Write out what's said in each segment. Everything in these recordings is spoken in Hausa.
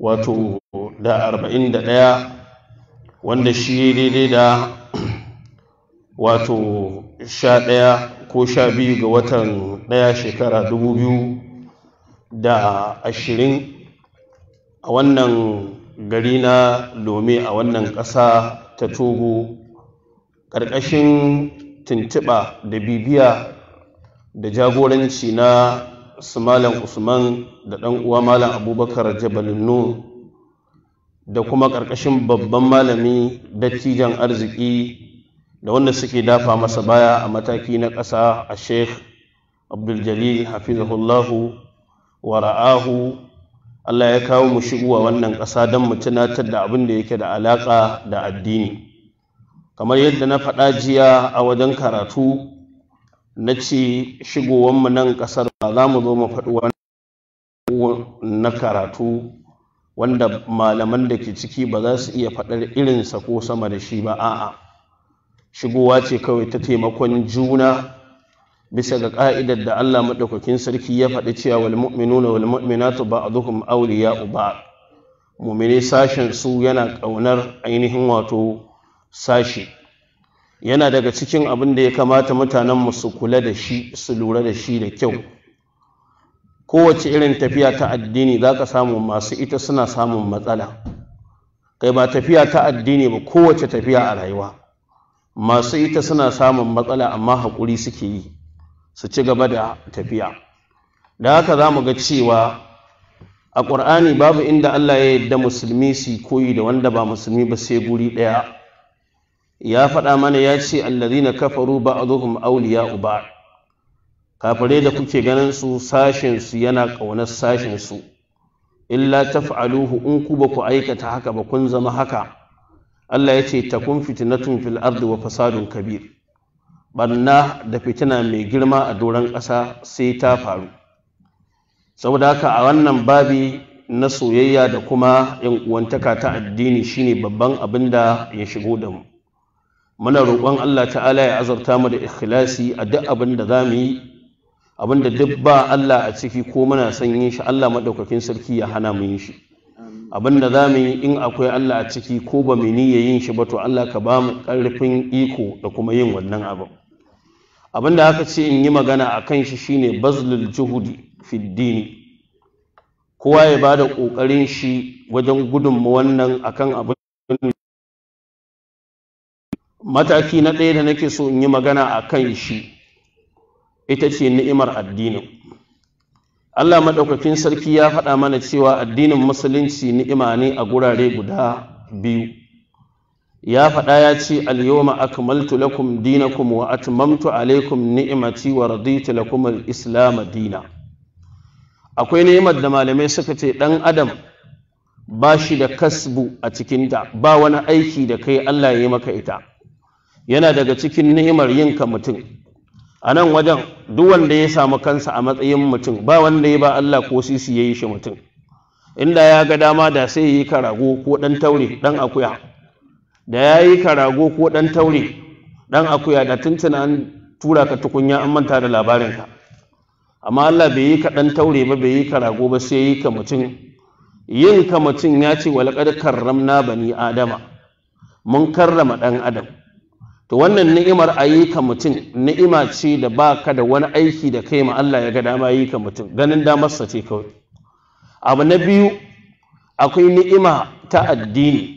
wato da arba'in da ɗaya wanda shi daidai da wato sha ɗaya ko sha biyu ga watan ɗaya shekara dubu biyu da ashirin a wannan gari na lome a wannan ƙasa ta togo ƙarƙashin tuntuɓa da bibiya da jagoranci na su malam usman da ɗan uwa malam abubakar jabalin nur da kuma ƙarƙashin babban malami dattijan arziki da wanda suke dafa masa baya a mataki na ƙasa a sheikh abduljalil hafizahullahu wa ra'ahu allah ya kawo mu shigowa wannan ƙasa don mu tunatar da abin da yake da alaƙa da addini kamar yadda na faɗa jiya a wajen karatu na ce mu nan ƙasar ba za mu zo mu faɗi na karatu wanda malaman da ke ciki ba za su iya faɗar irinsa ko sama da shi ba a'a shigowa ce kawai ta taimakon juna bisa ga ƙa'idar da Allah maɗaukakin sarki ya faɗi cewa wal mu'minuna wal mu'minatu ba'dhuhum awliya'u ba'd mu'mini sashen su yana ƙaunar ainihin wato sashi yana daga cikin abin da ya kamata mutanenmu su kula da shi su lura da shi da kyau kowace irin tafiya ta addini za ka samu masu ita suna samun matsala kai ba tafiya ta addini ba kowace tafiya a rayuwa masu ita suna samun matsala amma haƙuri suke yi su ci gaba da tafiya da haka za mu ga cewa a ƙur'ani babu inda allah ya yarda musulmi su koyi da wanda ba musulmi ba sai guri ɗaya ya faɗa mana ya ce allazina kafaru ba zuhun auliya uba! kafare da kuke ganin su sashen su yana ƙaunar sashen su illa taf'aluhu in ku ba ku aikata haka ba kun zama haka Allah ya ce ta kun fitinatun fil ardi wa fasadun kabir barna da fitina mai girma a doron ƙasa sai ta faru saboda haka a wannan babi na soyayya da kuma yan uwantaka ta addini shine babban abin da ya shigo da mu muna roƙon Allah ta'ala ya azarta mu da ikhlasi a duk abin da za mu yi abin da duk ba Allah a ciki ko muna son yin shi Allah maɗaukakin sarki ya hana mu yin shi abin da za mu yi in akwai Allah a ciki ko ba mu niyya yin shi ba to Allah ka ba mu ƙarfin iko da kuma yin wannan abin abin da aka ce in yi magana a kan shi shine bazlul juhudi fi kowa ya bada da ƙoƙarin shi wajen gudunmu wannan akan abin mataki na ɗaya da nake so in yi magana a kan shi ita ce ni'imar addinin Allah maɗaukakin sarki ya faɗa mana cewa addinin musulunci ni'ima ne a gurare guda biyu ya faɗa ya ce alyoma yawma akmaltu lakum dinakum wa atmamtu alaikum ni'imati wa raditu lakum al-islam dina akwai ni'imar da malamai suka ce ɗan adam ba shi da kasbu a cikinta ba wani aiki da kai Allah ya yi maka ita yana daga cikin ni'imar yinka mutum a nan wajen duk wanda ya samu kansa a matsayin mutum ba wanda ya ba Allah ko sisi ya yi shi mutum inda ya ga dama da sai ya yi karago ko ɗan taure ɗan akuya da ya yi karago ko ɗan taure ɗan akuya da tuntuna an tura ka tukunya an manta da labarinka amma Allah bai yi ka ɗan taure ba bai yi karago ba sai ya yi ka mutum yin ka mutum ya ce walaƙar karramna bani adama mun karrama ɗan adam to wannan ni'imar a yi ka mutum ni'ima ce da ba ka da wani aiki da kai ma Allah ya ga dama yi ka mutum ganin damarsa ce kawai abu na biyu akwai ni'ima ta addini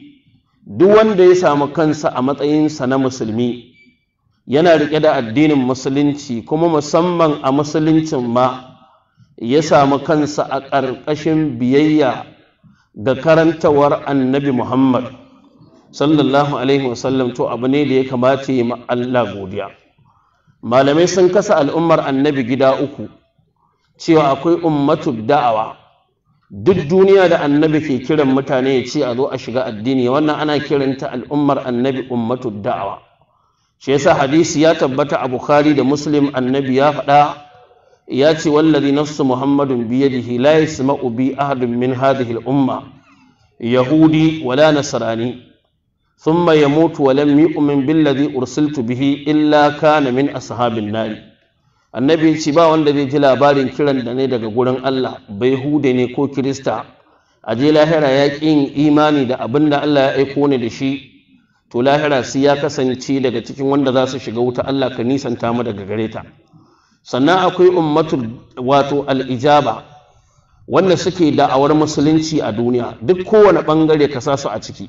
duk wanda ya samu kansa a matsayinsa na musulmi yana riƙe da addinin musulunci kuma musamman a musuluncin ma ya samu kansa a ƙarƙashin biyayya ga karantawar annabi muhammad sallallahu alaihi wasallam to abu ne da ya kamata yi Allah godiya malamai sun kasa al'ummar annabi gida uku cewa akwai ummatu da'awa duk duniya da annabi ke kiran mutane ya ce a zo a shiga addini wannan ana kiranta al'ummar annabi ummatu da'awa shi yasa hadisi ya tabbata a bukhari da muslim annabi ya faɗa ya ce wallazi nafsu muhammadun biyadihi la yasma'u bi ahadun min hadhihi al-umma yahudi wala nasrani ثم يموت wa يؤمن بالذي zai ursiltu bihi illa من min ashabin nari annabi ce ba wanda zai ji labarin kiran da ne daga gurin Allah bai hude ne ko kirista a je lahira ya yin imani da abin da Allah ya aiko ne da shi to lahira sai ya kasance daga cikin wanda za su shiga wuta Allah ka nisanta mu daga gare ta sannan akwai ummatu wato al'ijaba wanda suke da'awar musulunci a duniya duk kowane bangare ka sa a ciki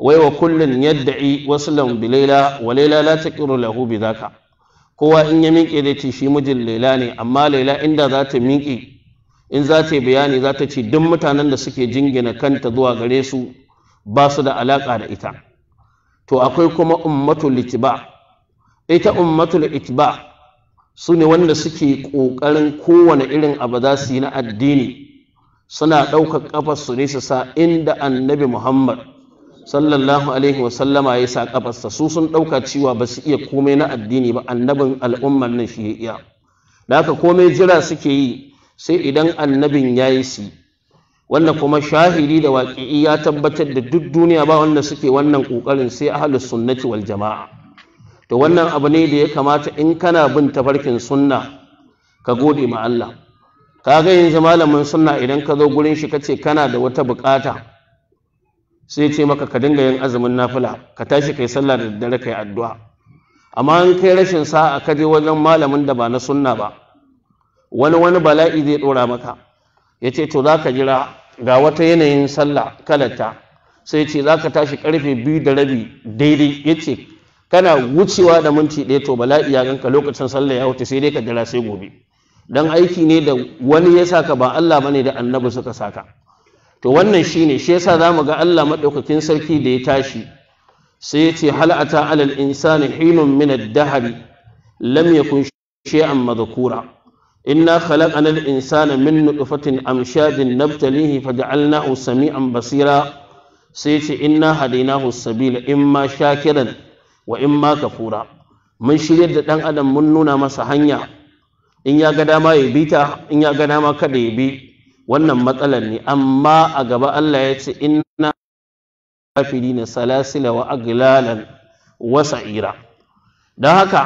wai wa kullun yadda'i wasu bi laila wa laila la taqiru lahu bi zaka kowa in ya miƙe da ce shi mijin laila ne amma laila inda za ta miƙe in za ta bayani za ta ce duk mutanen da suke jingina kanta zuwa gare su ba su da alaƙa da ita to akwai kuma ummatul itiba ita ummatul itiba su ne wanda suke ƙoƙarin kowane irin abu za su yi na addini suna ɗaukar ƙafa su ne su sa inda annabi muhammad sallallahu alaihi wasallama ya sa kafarsa su sun ɗauka cewa ba su iya komai na addini ba annabin al'ummar nan shi ya iya da haka komai jira suke yi sai idan annabin ya yi si wanda kuma shahidi da waƙi'i ya tabbatar da duk duniya ba wanda suke wannan ƙoƙarin sai ahlus sunnati wal jama'a to wannan abu ne da ya kamata in kana bin tafarkin sunna ka gode ma Allah ka ga yanzu malamin sunna idan ka zo gurin shi kace kana da wata buƙata sai ce maka ka dinga yin azumin nafila ka tashi kai sallah da daddare kai addu'a amma in kai rashin sa'a ka je wajen malamin da ba na sunna ba wani wani bala'i zai dora maka ya ce to za jira ga wata yanayin sallah kalata sai ce za tashi karfe biyu da rabi daidai ya ce kana wucewa da minti ɗaya to bala'i ya ganka lokacin sallah ya wuce sai dai ka jira sai gobe dan aiki ne da wani ya saka ba Allah bane da annabi suka saka to wannan ne shi yasa zamu ga Allah madaukakin sarki da ya tashi sai ya ce hal ata alal insani hinun min ad-dahr lam yakun shay'an madhkura inna khalaqnal insana min nutfatin amshadin nabtalihi faj'alnahu samian basira sai ce inna hadaynahu sabila imma shakiran wa imma kafura mun shiryar da dan adam mun nuna masa hanya in ya ga dama ya bi ta in ya ga dama kada ya bi wannan matsalar ne amma a gaba Allah ya ce inna na salasila wa aglalan wasa ira. don haka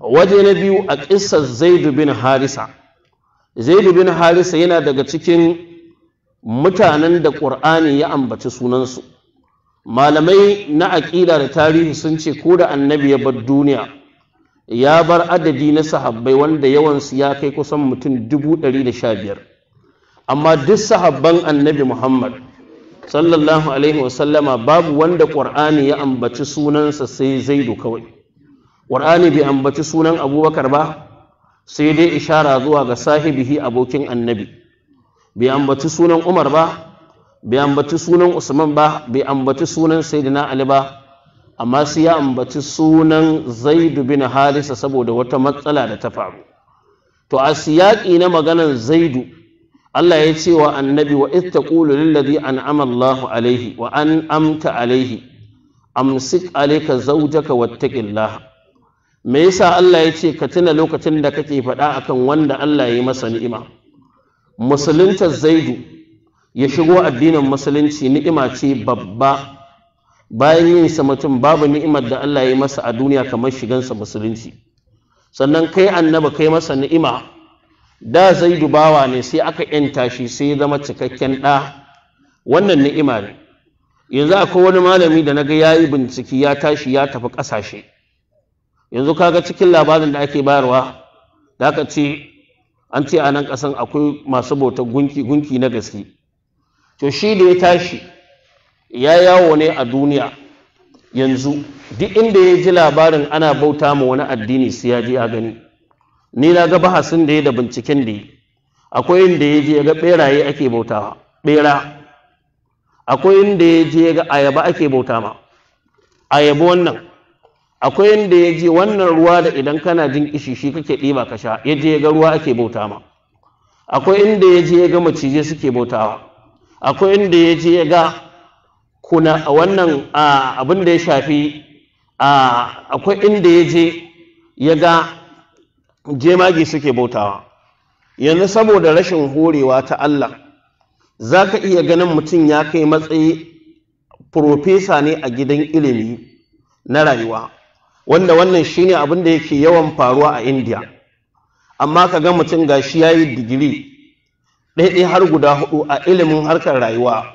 waje na biyu a ƙissar zaidu bin harisa zaidu bin harisa yana daga cikin mutanen da ƙur'ani ya ambaci sunansu malamai na aƙida da tarihi sun ce ko da annabi ya bar duniya ya bar adadi na sahabbai wanda yawansu ya kai kusan mutum dubu ɗari da sha biyar amma duk sahabban annabi muhammad sallallahu alaihi wasallama babu wanda ƙwar'ani ya ambaci sunansa sai zaidu kawai ƙwar'ani bai ambaci sunan abubakar ba sai dai ishara zuwa ga sahibihi abokin annabi bai ambaci sunan umar ba bai ambaci sunan usman ba bai ambaci sunan sayyidina ali ba amma sai ya ambaci sunan zaidu bin halisa saboda wata matsala da ta faru to a siyaƙi na maganan zaidu Allah ya ce wa annabi wa ita ƙulu lillazi an amallahu alaihi wa an amta alaihi amsik alaika zaujaka wattaqillah me yasa Allah ya ce ka tuna lokacin da kake faɗa akan wanda Allah ya yi masa ni'ima musulunta zaidu ya shigo addinin musulunci ni'ima ce babba bayan yin sa mutum babu ni'imar da Allah ya yi masa a duniya kamar shigansa musulunci sannan kai annabi kai masa ni'ima da zaidu dubawa ne sai aka yanta shi sai zama cikakken ɗa wannan ni'ima ne yanzu akwai wani malami da na ga ya yi bincike ya tashi ya tafi ƙasashe yanzu kaga cikin labarin da ake bayarwa da aka ce an ce a nan ƙasan akwai masu bautar gunki gunki na gaske to shi da ya tashi ya yawo ne a duniya yanzu duk inda ya ji labarin ana bauta ma wani addini sai ya ji a gani ni na ga bahasin da ya da binciken da ya akwai inda ya je ga beraye ake bautawa bera akwai inda ya je ga ayaba ake bauta ma ayaba wannan akwai inda ya je wannan ruwa da idan kana jin kishi shi kake ɗiba ka sha ya je ga ruwa ake bauta ma akwai inda ya je ga macije suke bautawa akwai inda ya je ga kuna a wannan ah, abin da ya shafi ah, akwai inda ya je ya ga jemage suke bautawa yanzu saboda rashin horewa ta Allah za ka iya ganin mutum ya kai matsayi profesa ne a gidan ilimi na rayuwa wanda wannan shine abin da yake yawan faruwa a india amma ka ga mutum gashi ya yi digiri ɗaiɗai har guda hudu a ilimin harkar rayuwa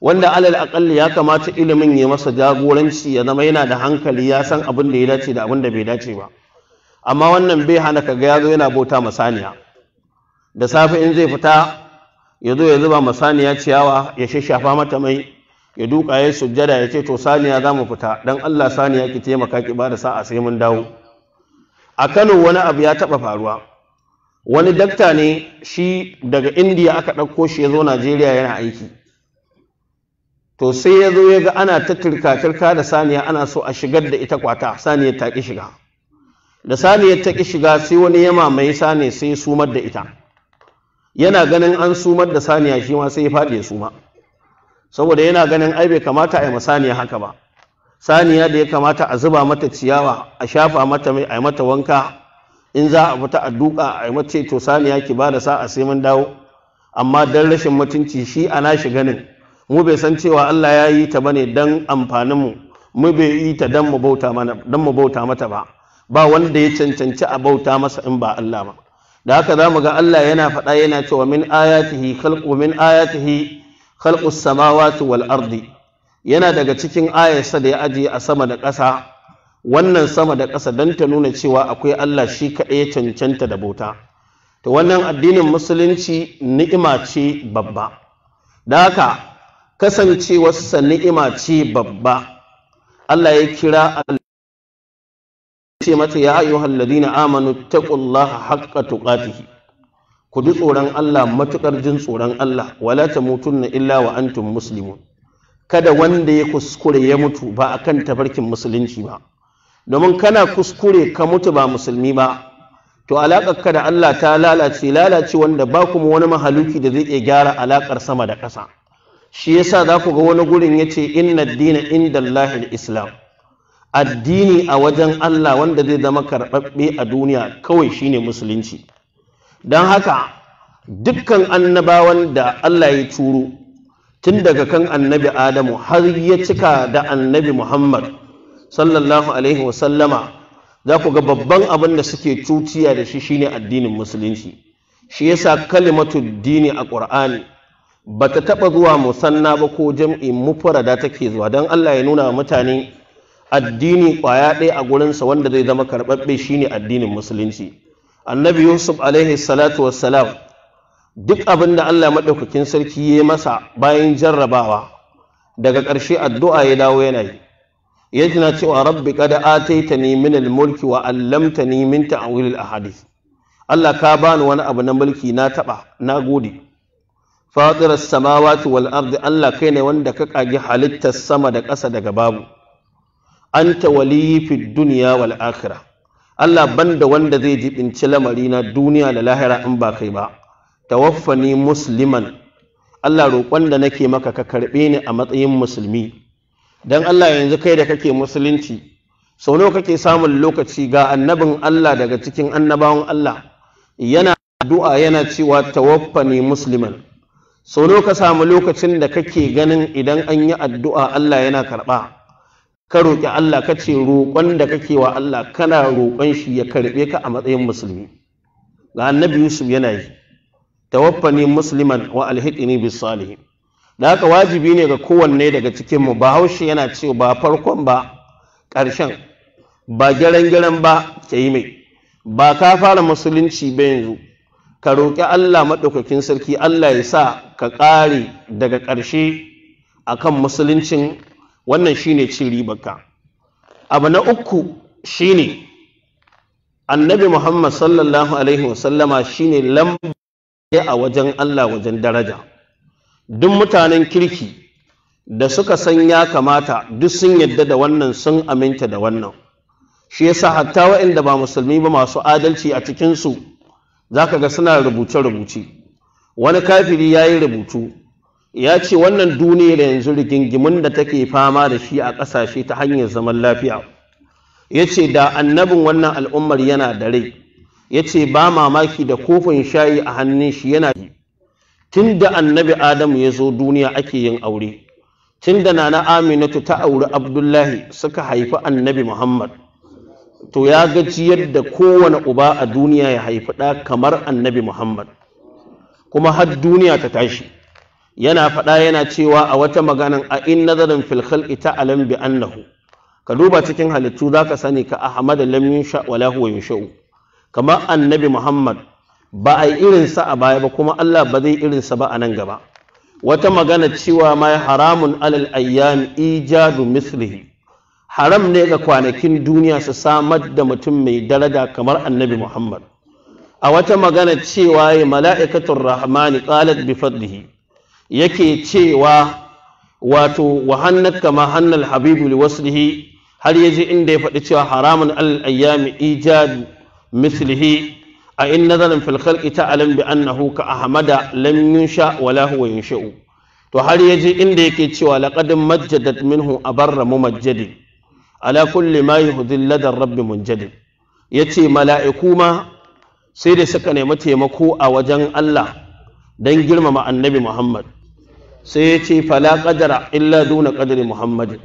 wanda alal akalli ya kamata ilimin ya masa jagoranci ya zama yana da hankali ya san abin da ya dace da abin da bai dace ba amma wannan bai hana ka ga yazo yana bauta masaniya da safe in zai fita ya zo ya zuba masaniya ciyawa ya shashafa mata mai ya duka ya sujjada ya ce to saniya za mu fita dan Allah saniya ki taimaka ki ba sa'a sai mun dawo a Kano wani abu ya taba faruwa wani dakta ne shi daga Indiya aka ɗauko shi ya zo Najeriya yana aiki to sai ya zo ya ga ana ta turka da saniya ana so a shigar da ita kwata saniya ta ki shiga da saniya ta ƙi shiga sai wani ya mamaye sani sai ya sumar da ita yana ganin an sumar da saniya shi ma sai ya faɗi ya suma saboda yana ganin ai bai kamata a yi saniya haka ba saniya da ya kamata a zuba mata ciyawa a shafa mata mai a mata wanka in za a fita a duka a yi mace to saniya ki ba da sa'a sai mun dawo amma dan rashin mutunci shi ana shi ganin mu bai san cewa Allah ya yi ta bane dan amfanin mu mu bai yi ta don dan mu bauta mata ba ba wanda ya cancanci a bauta masa in ba Allah ba da haka za mu ga Allah yana faɗa yana cewa min ayatihi khalqu min ayatihi khalqu samawati wal ardi yana daga cikin ayarsa da ya ajiye a sama da ƙasa wannan sama da ƙasa don ta nuna cewa akwai Allah shi kaɗai ya cancanta da bauta to wannan addinin musulunci ni'ima ce babba da haka kasancewarsa ni'ima ce babba Allah ya kira ce mata ya ayyuhal na amanu taqullaha haqqa tuqatihi ku ji tsoron Allah matukar jin tsoron Allah wala tamutunna illa wa antum muslimun kada wanda ya kuskure ya mutu ba akan tafarkin musulunci ba domin kana kuskure ka mutu ba musulmi ba to ka da Allah ta lalace lalace wanda ba kuma wani mahaluki da zai iya gyara alaƙar sama da ƙasa shi yasa za ku ga wani gurin ya ce inna dina inda Islam addini a wajen Allah wanda zai zama karɓaɓɓe a duniya kawai shine musulunci don haka dukkan annabawan da Allah ya turo tun daga kan annabi Adamu har ya cika da annabi Muhammad sallallahu alaihi wasallama za ku ga babban abin da suke cuciya da shi shine addinin musulunci shi yasa kalimatu dini a ƙur'ani ba ta taɓa zuwa musanna ba ko jam'i mufarada take zuwa don Allah ya nuna wa mutane addini kwaya ɗaya a gurinsa wanda zai zama karɓaɓɓe shine addinin musulunci annabi yusuf alaihi salatu wassalam duk abin da allah maɗaukakin sarki ya yi masa bayan jarrabawa daga ƙarshe addu'a ya dawo yana yi jina cewa rabbi kada ataita ni min mulki wa allamta ni min ta'wil al Allah ka bani wani abu na mulki na taɓa, na gode fatirar samawati wal ardi Allah kai ne wanda ka kage halittar sama da ƙasa daga babu anta waliyyi fi duniya wal la'akira. Allah banda wanda zai jibinci lamari na duniya da lahira in ba kai ba tawaffani musliman Allah roƙon da nake maka ka karɓe ni a matsayin musulmi dan Allah yanzu kai da kake musulunci sau nawa kake samun lokaci ga annabin Allah daga cikin annabawan Allah yana addu'a yana cewa tawaffani musliman sau nawa ka samu lokacin da kake ganin idan an yi addu'a Allah yana karɓa ka roƙi Allah ka ce roƙon da kake wa Allah kana roƙon shi ya karɓe ka a matsayin musulmi ga annabi Yusuf yana yi tawaffani musliman wa alhiqni bis salihin da haka wajibi ne ga kowanne daga cikin mu ba haushi yana ce ba farkon ba ƙarshen ba gyaran-gyaran ba ke yi mai ba ka fara musulunci ba yanzu ka roƙi Allah maɗaukakin sarki Allah ya sa ka ƙare daga ƙarshe akan musuluncin wannan shine cin ribarka abu na uku shine annabi muhammad sallallahu alaihi wasallama shine lamba a wajen allah wajen daraja duk mutanen kirki da suka san ya kamata duk sun yadda da wannan sun aminta da wannan shi yasa hatta waɗanda ba musulmi ba masu adalci a cikinsu za ka ga suna rubuce-rubuce wani kafiri ya yi rubutu ya ce wannan duniyar yanzu rigingimin da take fama da shi a ƙasashe ta hanyar zaman lafiya ya ce da annabin wannan al'ummar yana da rai ya ce ba mamaki da kofin shayi a hannun shi yana tun da annabi adamu ya zo duniya ake yin aure tun da nana aminatu ta auri abdullahi suka haifi annabi muhammad to ya gaji yadda kowane uba a duniya ya haifi ɗa kamar annabi muhammad kuma har duniya ta tashi yana faɗa yana cewa a wata maganan a in nazarin filkhal ita alam bi annahu ka duba cikin halittu za ka sani ka ahmad lam yunsha wala huwa kamar annabi muhammad ba a yi irin a baya ba kuma Allah ba zai irin sa ba a nan gaba wata magana cewa ma haramun alal ayyam ijadu mislihi haram ne ga kwanakin duniya su samar da mutum mai daraja kamar annabi muhammad a wata magana cewa ya mala'ikatun rahmani qalat bi fadlihi yake cewa wato wa hannat ma hannal habibu li waslihi har ya ji inda ya faɗi cewa haramun alal ayyami ijadu mislihi a in nazarin fil khalqi ta'lam bi annahu ka ahmada lam yunsha wala huwa yunsha'u to har ya ji inda yake cewa laqad majjadat minhu abarra mumajjadi ala kulli ma yuhdil ladar rabbi munjadi yace mala'iku ma sai da suka nemi taimako a wajen Allah dan girmama annabi Muhammad sai ya ce fala ƙadara illa duna ƙadari muhammadin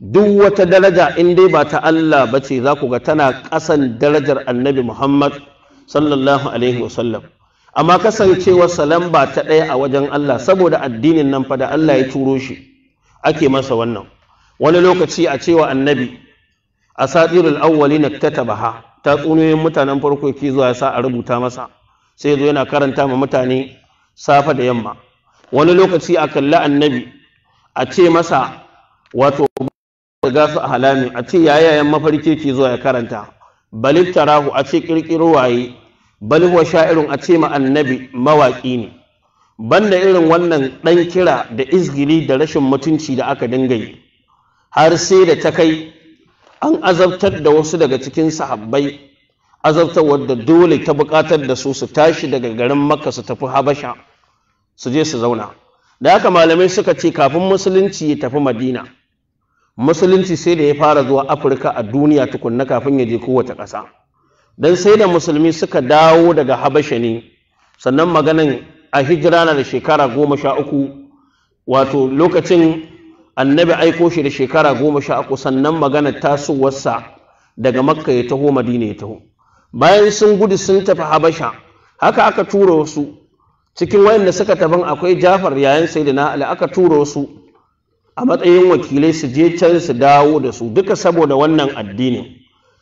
duk wata daraja in dai ba ta Allah ba ce za ku ga tana ƙasan darajar annabi muhammad sallallahu alaihi wasallam amma kasancewa salam ba ta ɗaya a wajen Allah saboda addinin nan fa da Allah ya turo shi ake masa wannan wani lokaci a cewa annabi a satirul awwali na tattabaha ta tsunoyin mutanen farko ki zuwa ya sa a rubuta masa sai zo yana karanta ma mutane safa da yamma wani lokaci a kalli annabi a ce masa wato ga su a halami a ce yayayen mafarki ke zuwa ya karanta balil tarahu a ce kirkiro waye bal wa sha'irun a ce ma annabi mawaƙi ne banda irin wannan ɗan kira da izgili da rashin mutunci da aka dinga yi har sai da ta kai an azabtar da wasu daga cikin sahabbai azabtar wadda dole ta bukatar da su su tashi daga garin makka su tafi habasha su je su zauna da haka malamai suka ce kafin musulunci ya tafi madina musulunci sai da ya fara zuwa afirka a duniya tukunna kafin ya je kowace ƙasa don sai da musulmi suka dawo daga habasha ne sannan maganan a hijira na da shekara goma sha uku wato lokacin annabi aiko shi da shekara goma sha uku sannan maganar tasowarsa daga makka ya taho madina ya taho bayan sun gudu sun tafi habasha haka aka tura wasu cikin wayanda suka taban akwai jafar yayin sayyidina ali aka turo wasu a matsayin wakilai su je can su dawo da su duka saboda wannan addinin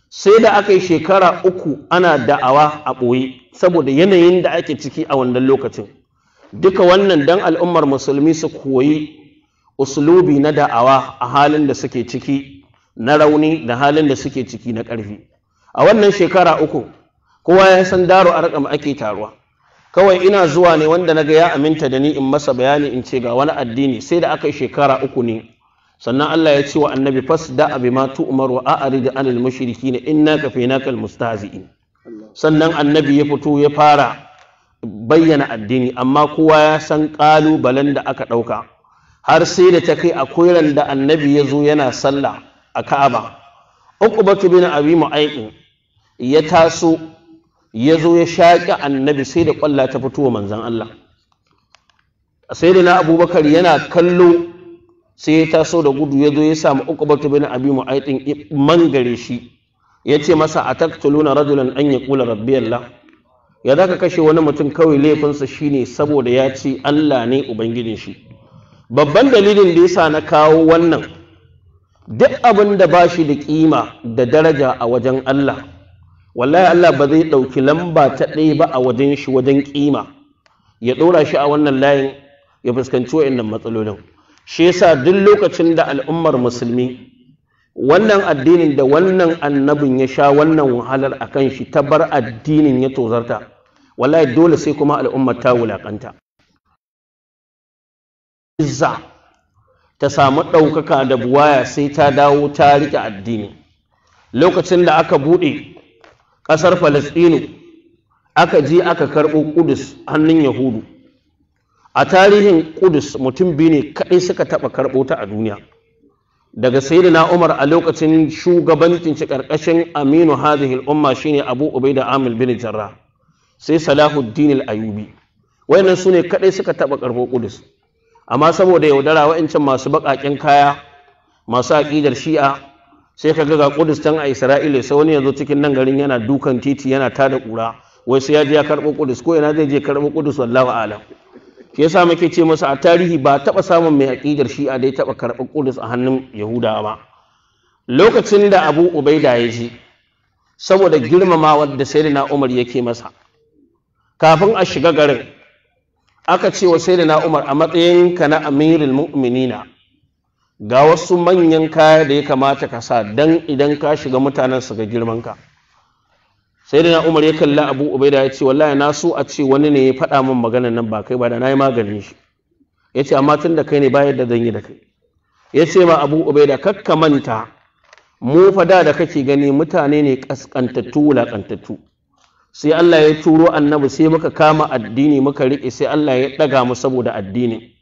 sai da aka yi shekara uku ana da'awa a ɓoye saboda yanayin da ake ciki a wannan lokacin duka wannan dan al'ummar musulmi su koyi usulubi na da'awa a halin da suke ciki na rauni da halin da suke ciki na ƙarfi a wannan shekara uku kowa ya san daro a ake taruwa kawai ina zuwa ne wanda naga ya aminta da ni in masa bayani in ce ga wani addini sai da aka yi shekara uku ne sannan Allah ya ce wa annabi fas da abi ma Umar, wa a'rid anil mushrikin inna kafaynakal mustahzi'in sannan annabi ya fito ya fara bayyana addini amma kowa ya san ƙalubalen da aka ɗauka har sai da ta kai akwai ran da annabi ya zo yana sallah a Ka'aba Uqbatu bin Abi Mu'ayyin ya taso ya zo ya shaƙi annabi sai da ƙwalla ta fito wa manzan Allah sai da na abubakar yana kallo sai ya taso da gudu ya zo ya samu batu bin abi man gare shi Ya ce masa 'A ataqtuluna rajulan an kula rabbi Allah ya ka kashe wani mutum kawai laifinsa shine saboda ya ce Allah ne ubangijin shi babban dalilin da yasa na kawo wannan duk abin da ba shi da kima da daraja a wajen Allah wallahi Allah ba zai ɗauki lamba ta ɗaya ba a wajen shi wajen ƙima ya ɗora shi a wannan layin ya fuskanci wa'annan matsalolin shi yasa duk lokacin da al'ummar musulmi wannan addinin da wannan annabin ya sha wannan wahalar a kan shi ta bar addinin ya tozarta wallahi dole sai kuma al'ummar ta wulaƙanta izza ta samu ɗaukaka da buwaya sai ta dawo ta riƙe addini lokacin da aka buɗe ƙasar Falasɗinu aka je aka karɓo ƙudus hannun yahudu a tarihin ƙudus mutum biyu ne kaɗai suka taɓa karɓo ta a duniya daga na umar a lokacin shugabancin ci ƙarƙashin aminu hadhihi al'umma shine abu ubaida amil bin jarra sai salahuddin ayubi wayannan su ne kaɗai suka taɓa karɓo ƙudus amma saboda yaudara wa'incin masu baƙaƙen kaya masu aƙidar shi'a sai ka ga kudus tan a isra'ila sai wani yanzu cikin nan garin yana dukan titi yana tada kura wai sai ya je ya karɓo kudus ko yana zai je karɓo kudus wallahu alam shi yasa muke ce masa a tarihi ba taɓa samun mai shi a dai taɓa karɓar kudus a hannun yahuda ba lokacin da abu ubaida ya je saboda girmamawa da sayyidina umar yake masa kafin a shiga garin aka ce wa sayyidina umar a matsayin ka na amirul mu'minina ga wasu manyan kaya da ya kamata ka sa dan idan ka shiga mutanen su ga girman ka sai da na umar ya kalla abu ubaida ya ce wallahi na so a ce wani ne ya faɗa min maganan nan ba kai ba da na yi maganin shi ya ce amma tun da kai ne ba yadda zan yi da kai ya ce ma abu ubaida kakka manta mu fada da kake gani mutane ne kaskantattu wulakantattu sai Allah ya turo annabi sai muka kama addini muka riƙe sai Allah ya ɗaga mu saboda addinin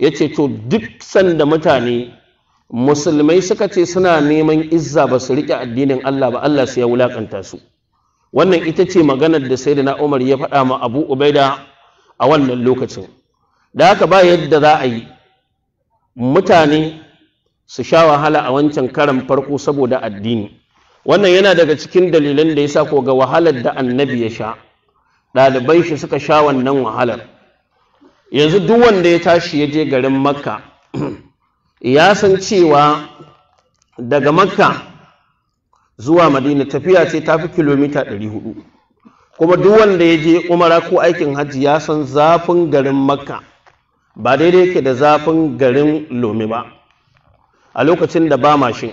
ya ce to duk sanda mutane musulmai suka ce suna neman izza ba su riƙe addinin Allah ba Allah sai ya wulaƙanta su wannan ita ce maganar da sai na Umar ya faɗa ma Abu Ubaida a wannan lokacin da haka ba yadda za a yi mutane su sha wahala a wancan karan farko saboda addini wannan yana daga cikin dalilan da ya sa ko ga wahalar da annabi ya sha ɗalibai shi suka sha wannan wahalar yanzu duk wanda ya tashi ya je garin makka ya san cewa daga makka zuwa madina tafiya ce tafi fi kilomita 400 kuma duk wanda ya je umara ko aikin hajji ya san zafin garin makka ba daidai yake da zafin garin lomi ba a lokacin da ba mashin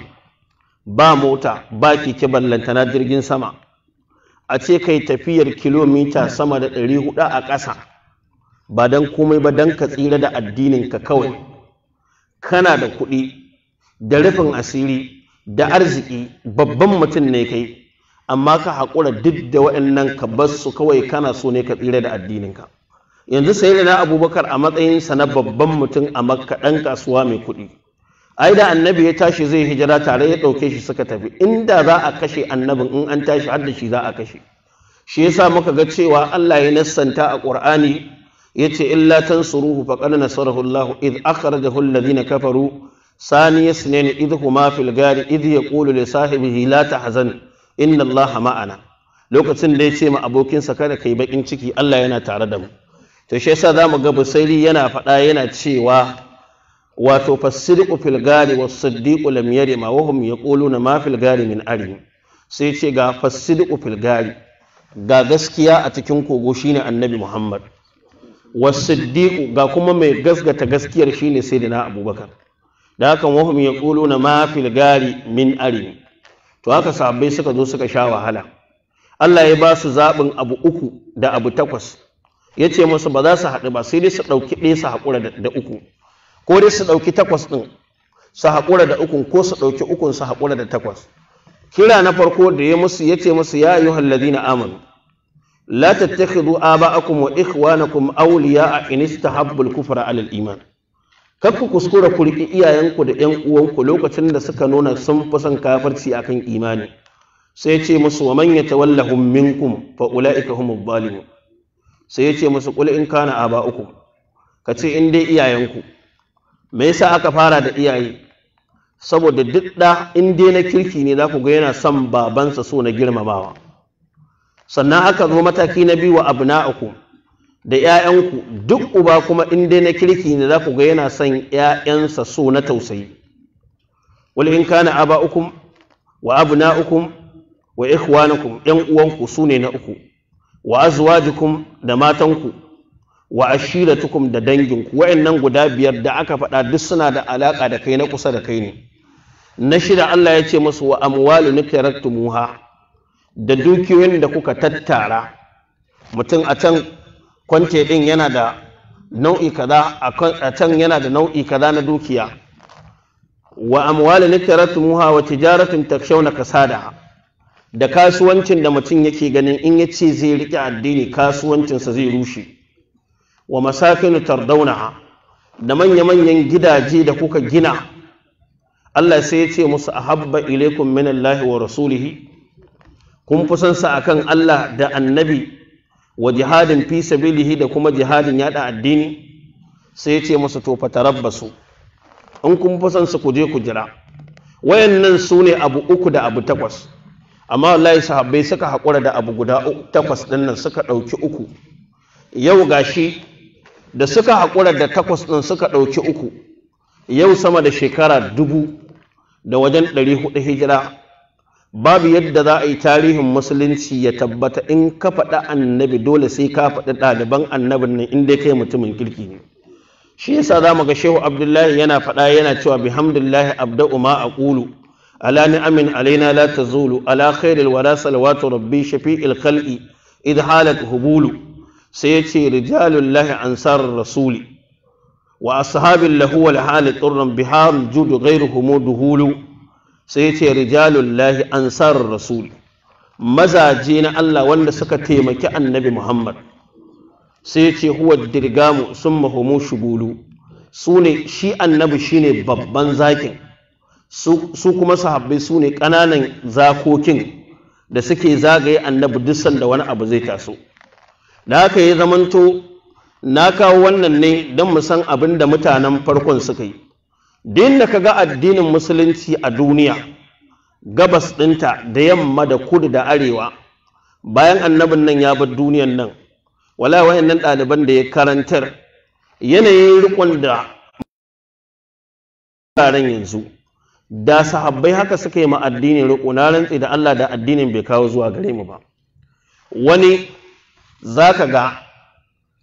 ba mota ba keke lantana jirgin sama a ce kai tafiyar kilomita sama da 400 a ƙasa ba don komai ba don ka tsira da addininka kawai kana da kuɗi da rufin asiri da arziki babban mutum ne kai amma ka haƙura duk da waɗannan ka bar su kawai kana so ne ka tsira da addininka yanzu sai da abubakar a matsayinsa na babban mutum a makka ɗan kasuwa mai kuɗi ai da annabi ya tashi zai hijira tare ya ɗauke shi suka tafi inda za a kashe annabin in an tashi har da shi za a kashe shi yasa muka ga cewa Allah ya nassanta a Ƙur'ani? yace illa tansuruhu faqad nasarahu Allah id akhrajahu alladhina kafaru ثاني id huma fil ya id yaqulu li sahibihi la tahzan inna Allah ma'ana lokacin da yace ce ma abokinsa kada kai bakin ciki Allah yana tare da mu to shi yasa zamu ga Busairi yana fada yana cewa wato fasiriqu fil gari was-siddiqu lam ma wa hum yaquluna ma fil gari min arim sai ce ga fasiriqu fil gari ga gaskiya a cikin kogo shine Annabi Muhammad wasiddiqu ga kuma mai gasgata gaskiyar shine sayyidina abubakar da haka wahum yaquluna ma fil gari min arin to haka sahabbai suka zo suka sha wahala Allah ya ba su zaɓin abu uku da abu takwas ya ce musu ba za su haɗu ba sai dai su ɗauki ɗaya su haƙura da uku ko dai su ɗauki takwas ɗin su haƙura da ukun ko su ɗauki ukun su haƙura da takwas kira na farko da ya musu ya ce musu ya ayyuhal ladina amanu la ba aba'akum wa ikhwanakum awliya'a in istahabbu al habbul 'ala alal iman kakku kuskura ku iyayenku da 'yan uwanku lokacin da suka nuna sun fi son kafirci akan imani sai ya ce musu wa manya yatawallahum minkum fa ulaika humuz zalimun sai ya ce musu qul in kana aba'ukum ce in dai iyayenku me yasa aka fara da iyaye saboda duk da in dai na kirki ne za ku ga yana son babansa so na girmamawa sannan aka zo mataki na biyu wa uku da 'ya'yanku duk uba kuma in dai na kirki ne za ku ga yana son 'ya'yansa so na tausayi wal in kana aba'ukum wa abna'ukum wa ikhwanakum 'yan uwanku su ne na uku wa azwajukum da matanku wa ashiratukum da danginku wa'annan guda biyar da aka faɗa duk suna da alaka da kai na kusa da kai ne na shida Allah ya ce musu wa amwalu nukaraktumuha da dukiyoyin da kuka tattara mutum a can kwante ɗin yana da nau'i kaza a can yana da nau'i kaza na dukiya wa amwalin muha wa tijaratun takshawna kasada da kasuwancin da mutum yake ganin in ce zai riƙe addini kasuwancinsa zai rushe wa masakinu tardaunaha da manya-manyan gidaje da kuka gina Allah sai ya ce musu ahabba ilaikum minallahi wa rasulihi kun fi sa a kan Allah da annabi wa jihadin fi sabilihi da kuma jihadin yada addini sai ya ce masa to fatarabbasu in kun fi su ku je ku jira wayannan su ne abu uku da abu takwas amma wallahi sahabbai suka haƙura da abu guda takwas ɗin nan suka ɗauki uku yau gashi da suka haƙura da takwas ɗin suka ɗauki uku yau sama da shekara dubu da wajen ɗari hudu hijira babu yadda za a yi tarihin musulunci ya tabbata in ka faɗa annabi dole sai ka faɗi ɗaliban annabin nan inda kai mutumin kirki ne shi yasa za mu ga shehu abdullahi yana faɗa yana cewa bihamdillahi abda'u ma aqulu ala ni'amin alaina la tazulu ala khairil wara salawatu rabbi shafi'il khalqi idh halat hubulu sai ya yace rijalullahi ansar rasuli wa ashabil lahu wal halat turran judu ghayruhum duhulu sai ya ce rijalullahi ansarar rasul mazaje na Allah wanda suka taimaki annabi Muhammad sai ya ce huwa dirgamu sun mahomo shugulu su ne shi annabi shine babban zakin su kuma sahabbai su ne ƙananan zakokin da suke zagaye annabi duk sanda wani abu zai taso da haka ya zamanto na kawo wannan ne don mu san abin da mutanen farkon suka yi din da ka ga addinin musulunci a duniya gabas ɗinta da yamma da kudu da arewa bayan annabin nan ya bar duniyan nan wala wayannan ɗaliban da ya karantar yanayin rikon da wuraren yanzu da sahabbai haka suka yi ma addinin riko na rantsi da Allah da addinin bai kawo zuwa gare mu ba wani zaka ga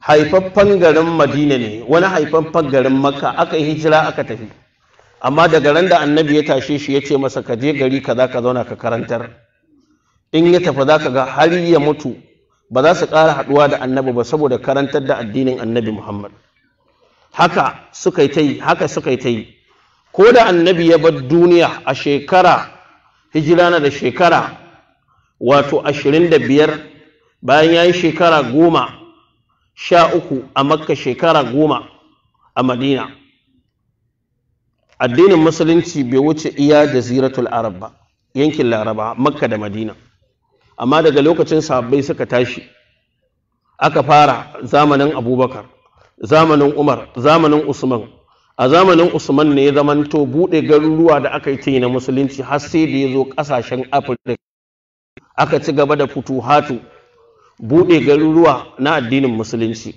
haifaffan garin Madina ne wani haifaffan garin Makka aka yi hijira aka tafi amma daga ran da annabi ya tashe shi ya ce masa ka je gari za ka zauna ka karantar in ya tafa za ka ga har ya mutu ba za su ƙara haɗuwa da annabi ba saboda karantar da addinin annabi muhammad haka suka yi ta yi haka suka yi ta yi ko da annabi ya bar duniya a shekara hijira na da shekara wato ashirin da biyar bayan ya yi shekara goma sha uku a makka shekara goma a madina addinin musulunci bai wuce iya da ziratul arab ba yankin laraba makka da madina amma daga lokacin sahabbai suka tashi aka fara zamanin abubakar zamanin umar zamanin usman a zamanin usman ne ya zamanto buɗe garuruwa da aka yi ta na musulunci har sai da ya zo ƙasashen afirka aka ci gaba da hatu buɗe garuruwa na addinin musulunci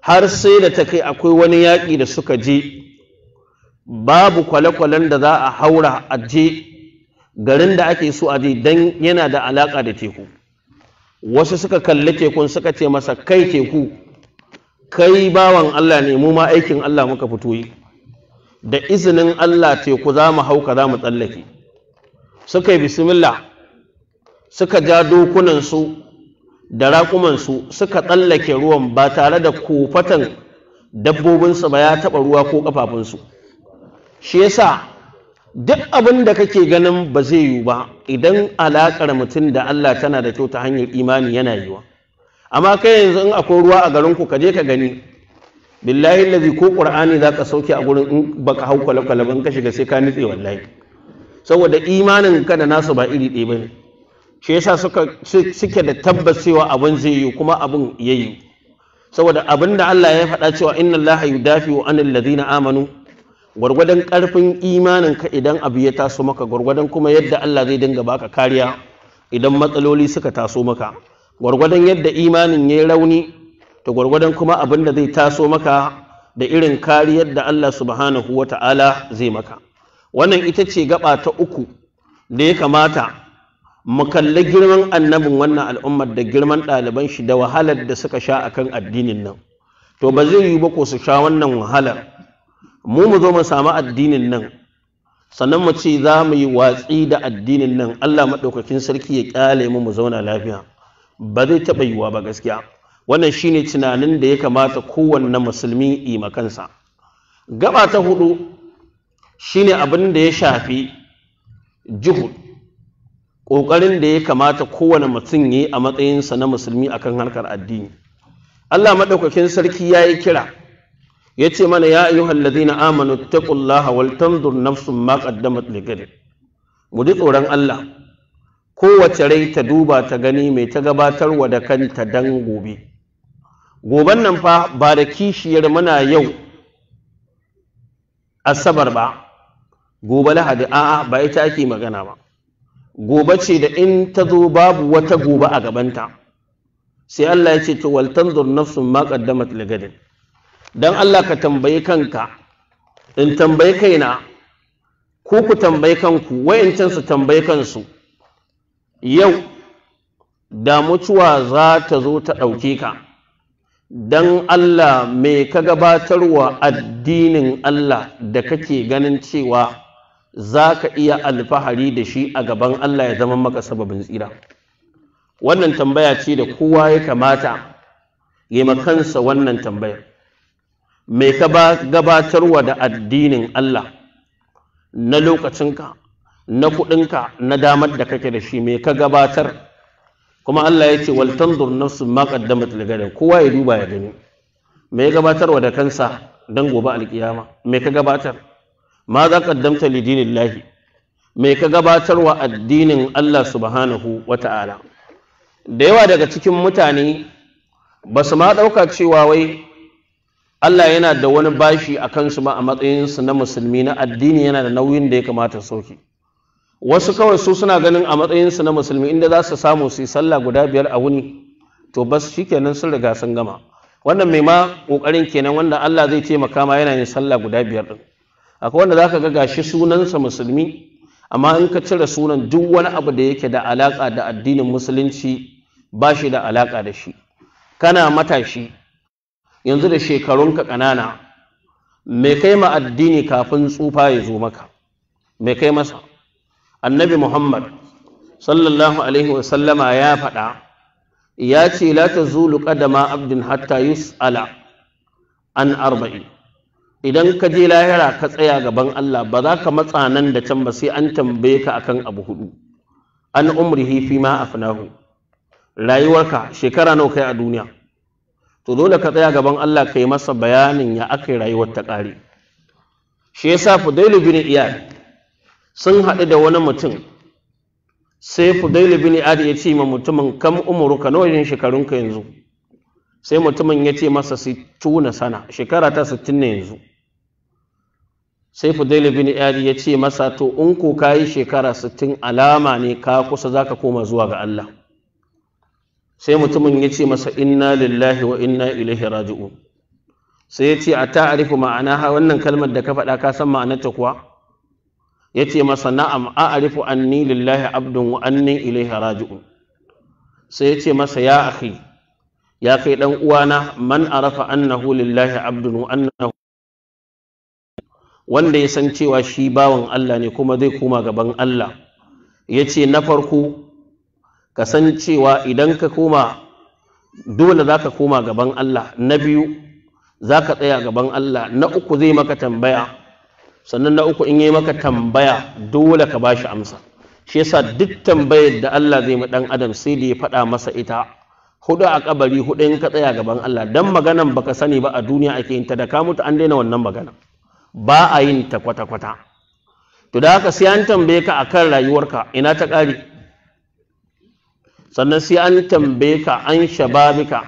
har sai da ta kai akwai wani yaƙi da suka je babu kwale-kwalen da za a haura a je garin da ake so a je don yana da alaƙa da teku wasu suka kalli tekun suka ce masa kai teku kai bawan Allah ne mu ma aikin Allah muka fito yi da izinin Allah teku za mu hauka za mu tsallake suka yi bismillah suka ja dokunansu da raƙumansu suka tsallake ruwan ba tare da kofatan dabbobinsu ba ya taɓa ruwa ko ƙafafunsu shi yasa duk abin da kake ganin ba zai yiwu ba idan alaƙar mutum da Allah tana da kyau ta hanyar imani yana yiwa amma kai yanzu in akwai ruwa a garinku ka je ka gani billahi lazi ko qur'ani zaka sauke a gurin in baka hau kwalakwala ban ka shiga sai ka nitse wallahi saboda imanin ka da nasu ba iri ɗaya bane shi yasa suka suke da tabbas cewa abin zai yiwu kuma abin yayi saboda abin da Allah ya faɗa cewa inna Allah yudafi wa anil ladina amanu gwargwadon karfin imanin ka idan abu ya taso maka gwargwadon kuma yadda Allah zai dinga baka kariya idan matsaloli suka taso maka gwargwadon yadda imanin ya rauni to gwargwadon kuma abin da zai taso maka da irin kariyar da Allah subhanahu wa ta'ala zai maka wannan ita ce gaba ta uku da ya kamata mu kalli girman annabin wannan al'ummar da girman ɗaliban shi da wahalar da suka sha akan addinin nan to ba zai yi ba ko su sha wannan wahalar mu mu zo mu samu addinin nan sannan mu ce za mu yi watsi da addinin nan Allah maɗaukakin sarki ya ƙyale mu mu zauna lafiya ba zai taɓa yiwuwa ba gaskiya wannan shine tunanin da ya kamata kowanne musulmi kansa. gaba ta hudu shine abin da ya shafi juhud ƙoƙarin da ya kamata kowane mutum yi a matsayinsa na musulmi akan harkar addini Allah maɗaukakin sarki ya yi kira Ya ce mana ya ayyuhal Hallazina amanu taqullaha wal tanzur nafsun ma qaddamat mu ji tsoron Allah kowace rai ta duba ta gani mai ta gabatarwa da kanta dan gobe goban nan fa ba da kishiyar mana yau asabar ba gobe lahadi a'a ba ita ake magana ba gobe ce da in ta zo babu wata gobe a gabanta sai Allah ya ce to wal tanzur nafsun ma qaddamat ligadin don Allah ka tambayi kanka in tambayi kaina ko ku tambayi kanku wayancan su tambayi kansu yau da mutuwa za ta zo ta ɗauke ka don Allah mai ka gabatarwa addinin Allah da kake ganin cewa za ka iya alfahari da shi a gaban Allah ya zama maka sababin tsira wannan tambaya ce da kowa ya kamata yi kansa wannan tambayar Mai ka gabatarwa da addinin Allah na lokacinka na kuɗinka na damar da kake da shi Mai ka gabatar kuma Allah ya ce wal tanzur nafsu ma qaddamat kowa ya duba ya gani Mai ya gabatarwa da kansa don gobe alkiyama Mai ka gabatar ma za qaddamta lidinin lahi Mai ka gabatarwa addinin Allah subhanahu wata'ala da yawa daga cikin mutane ba su ma ɗauka cewa wai Allah yana da wani bashi a su ma a matsayinsu na musulmi na addini yana da nauyin da ya kamata soke wasu kawai su suna ganin a matsayinsu na musulmi inda za su samu su yi sallah guda biyar a wuni to bas kenan sun riga sun gama wannan mai ma kokarin kenan wanda Allah zai taimaka ma yana yin sallah guda biyar din akwai wanda za ka ga gashi sunansa musulmi amma in ka cire sunan duk wani abu da yake da alaka da addinin musulunci bashi da alaka da shi kana matashi yanzu da shekarunka ƙanana mai kai ma addini kafin tsufa ya zo maka mai kai masa annabi muhammad sallallahu alaihi wasallama ya faɗa ya ce la ta zulu ƙadama abdin hatta yus'ala an arba'in idan ka je lahira ka tsaya gaban Allah ba za ka matsa nan da can ba sai an tambaye ka akan abu hudu an umrihi fi ma afnahu rayuwarka shekara nawa kai a duniya to dole ka tsaya gaban Allah ka yi masa bayanin ya aka rayuwar ta ƙare shi yasa fudailu bin Iyar sun haɗu da wani mutum sai fudailu bin iyad ya ce ma mutumin kam ka nawa shekarun shekarunka yanzu sai mutumin ya ce masa tuna sana shekara ta sittin ne yanzu sai fudailu bin iyad ya ce masa to in ko kayi shekara sittin alama ne ka kusa zaka koma zuwa ga Allah sai mutumin ya ce masa inna lillahi wa inna ilaihi raji'un sai ya ce a ta'arifu ma'ana wannan kalmar da ka faɗa ka san ma'anarta kuwa ya ce masa na'am a'arifu anni lillahi abdun wa anni ilaihi raji'un sai ya ce masa ya akhi ya kai dan uwana man arafa annahu lillahi abdun wa annahu wanda ya san cewa shi bawan Allah ne kuma zai koma gaban Allah ya ce na farko ka san cewa idan ka koma dole za ka koma gaban Allah na biyu za ka tsaya gaban Allah na uku zai maka tambaya sannan na uku in yi maka tambaya dole ka ba shi amsa shi yasa duk tambayar da Allah zai ma dan adam sai da ya faɗa masa ita hudu a kabari hudu in ka tsaya gaban Allah dan maganan baka sani ba a duniya ake yin ta da ka mutu an daina wannan magana ba a yin ta kwata kwata to da haka sai an tambaye ka akan rayuwarka ina ta ƙare sannan sai an tambaye ka an shababika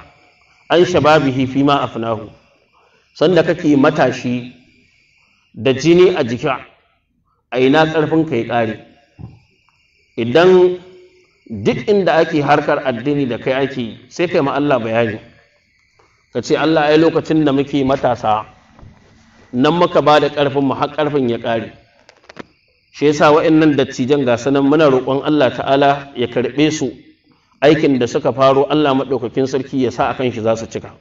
an shababihi fi ma afnahu sanda kake matashi da jini a jika a ina karfin ka ya kare idan duk inda ake harkar addini da kai ake sai kai ma Allah bayani ka ce Allah ai lokacin da muke matasa nan muka ba da karfin mu har karfin ya kare shi yasa wa'annan dattijan ga sanan muna roƙon Allah ta'ala ya karbe su aikin da suka faro Allah maɗaukakin sarki ya sa kan shi za su cika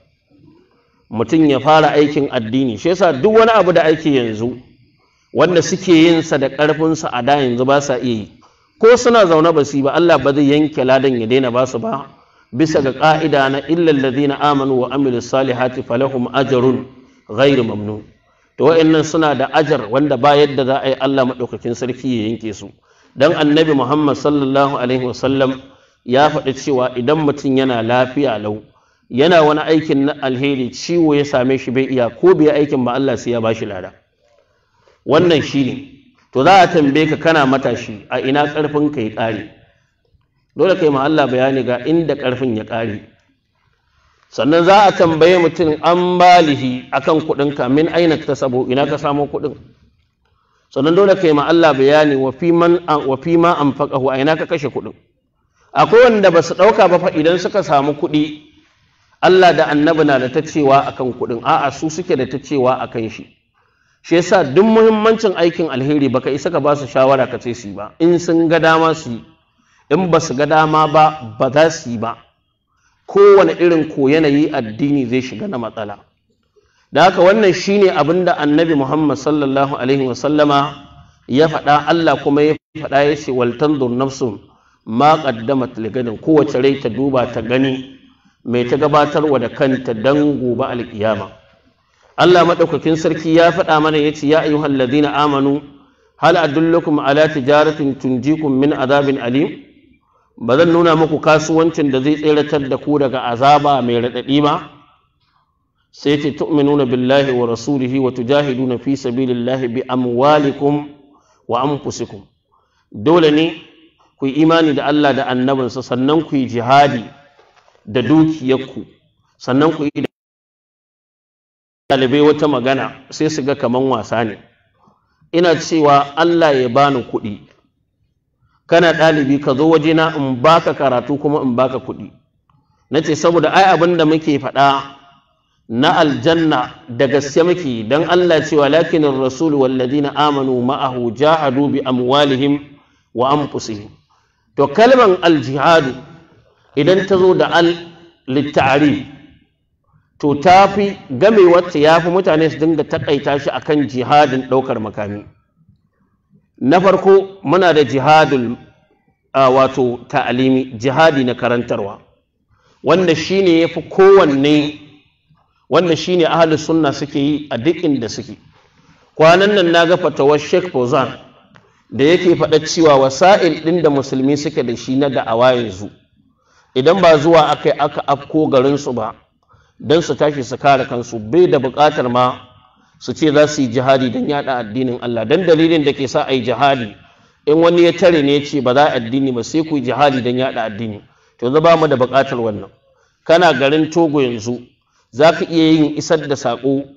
mutum ya fara aikin addini shi yasa duk wani abu da aiki yanzu wanda suke yin sa da ƙarfin sa a da yanzu ba sa iya yi ko suna zaune ba su ba Allah ba zai yanke ladan ya daina ba su ba bisa ga ƙa'ida na illal ladina amanu wa amilus salihati falahum Ajarun. ghairu mamnun to wa'annan suna da ajar wanda ba yadda za a yi Allah maɗaukakin sarki ya yanke su dan annabi Muhammad sallallahu alaihi wasallam ya faɗi cewa idan mutum yana lafiya lau yana wani aikin na alheri ciwo ya same shi bai iya ko biya aikin ba Allah sai ya bashi lada wannan shi ne, to za a tambaye ka kana matashi a ina ƙarfin ka ya ƙare dole kai ma Allah bayani ga inda ƙarfin ya kare sannan za a tambaye mutum an balihi akan kuɗin ka min aina ta sabo ina ka samo kuɗin sannan dole kai ma Allah bayani wa fi man wa fi ma anfaqahu a ina ka kashe kuɗin akwai wanda ba su ɗauka ba fa idan suka samu kuɗi Allah da annabi na da ta cewa akan kuɗin a'a su suke da ta cewa akan shi shi yasa duk muhimmancin aikin alheri baka isa ka ba su shawara ka ce su ba in sun ga dama su yi in ba su ga dama ba ba za su yi ba kowane irin ko yanayi addini zai shiga na matsala da haka wannan shine abin da annabi muhammad sallallahu alaihi wasallama ya faɗa allah kuma ya faɗa ya ce waltandur nafsun ma qaddamat ligadin kowace rai ta duba ta gani mai ta gabatarwa da kanta dan gobe alkiyama Allah madaukakin sarki ya faɗa mana yace ya ayyuhal ladina amanu hal adullukum ala tijaratin tunjikum min azabin alim ba zan nuna muku kasuwancin da zai tseratar da ku daga azaba mai raɗaɗi ba sai ce tu'minuna billahi wa rasulihi wa tujahiduna fi sabilillahi bi amwalikum wa anfusikum dole ne ku yi imani da Allah da annabinsa sannan ku yi jihadi da dukiyarku sannan ku yi ɗalibai wata magana sai su ga kaman wasa ne ina cewa Allah ya bani kuɗi kana ɗalibi ka zo wajena in baka karatu kuma in baka kuɗi na ce saboda ai abin da muke faɗa na aljanna da gaske muke don Allah cewa lakinin rasulu wallazina amanu ma'ahu jahadu bi amwalihim wa anfusihim to kalman aljihadu idan ta zo da al littari to ta fi game wacce ya fi mutane su dinga takaita shi a kan jihadin ɗaukar makami na farko muna da jihadul wato ta'alimi jihadi na karantarwa wanda shine yafi kowanne wanda shine ahlus sunna suke yi a duk inda suke kwanan nan na ga fatawar Sheikh Fauzan da yake faɗa cewa wasa'il ɗin da musulmi suke da shi na da'awa yanzu idan ba zuwa aka yi aka afko garinsu ba don su tashi su kare kansu bai da buƙatar ma su ce za su yi jihadi don yaɗa addinin Allah don dalilin da ke sa a jihadi in wani ya tare ne ya ce ba za a addini ba sai ku yi jihadi don yaɗa addini to za ba mu da buƙatar wannan kana garin togo yanzu za ka iya yin isar da saƙo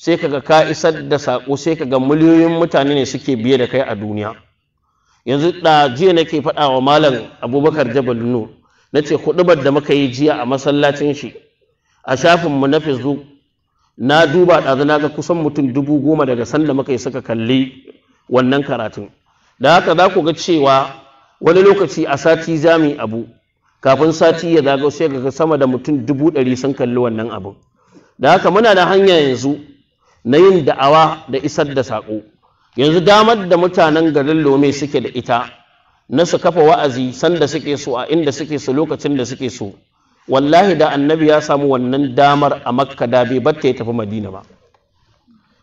sai kaga ka isar da saƙo sai kaga miliyoyin mutane ne suke biye da kai a duniya yanzu da jiya nake faɗa wa malam abubakar jabal nu na ce huɗubar da muka yi jiya a masallacin shi a shafinmu na facebook na duba ɗazu na ga kusan mutum dubu goma daga sanda muka yi suka kalli wannan karatun da haka za ku ga cewa wani lokaci a sati zami abu kafin sati ya zago sai ga sama da mutum dubu ɗari sun kalli wannan abin da haka muna da hanya yanzu na yin da'awa da isar da saƙo yanzu damar da mutanen garin lome suke da ita na su kafa wa'azi sanda suke so a inda suke so lokacin da suke so wallahi da annabi ya samu wannan damar a makka da bai bar ta ya tafi madina ba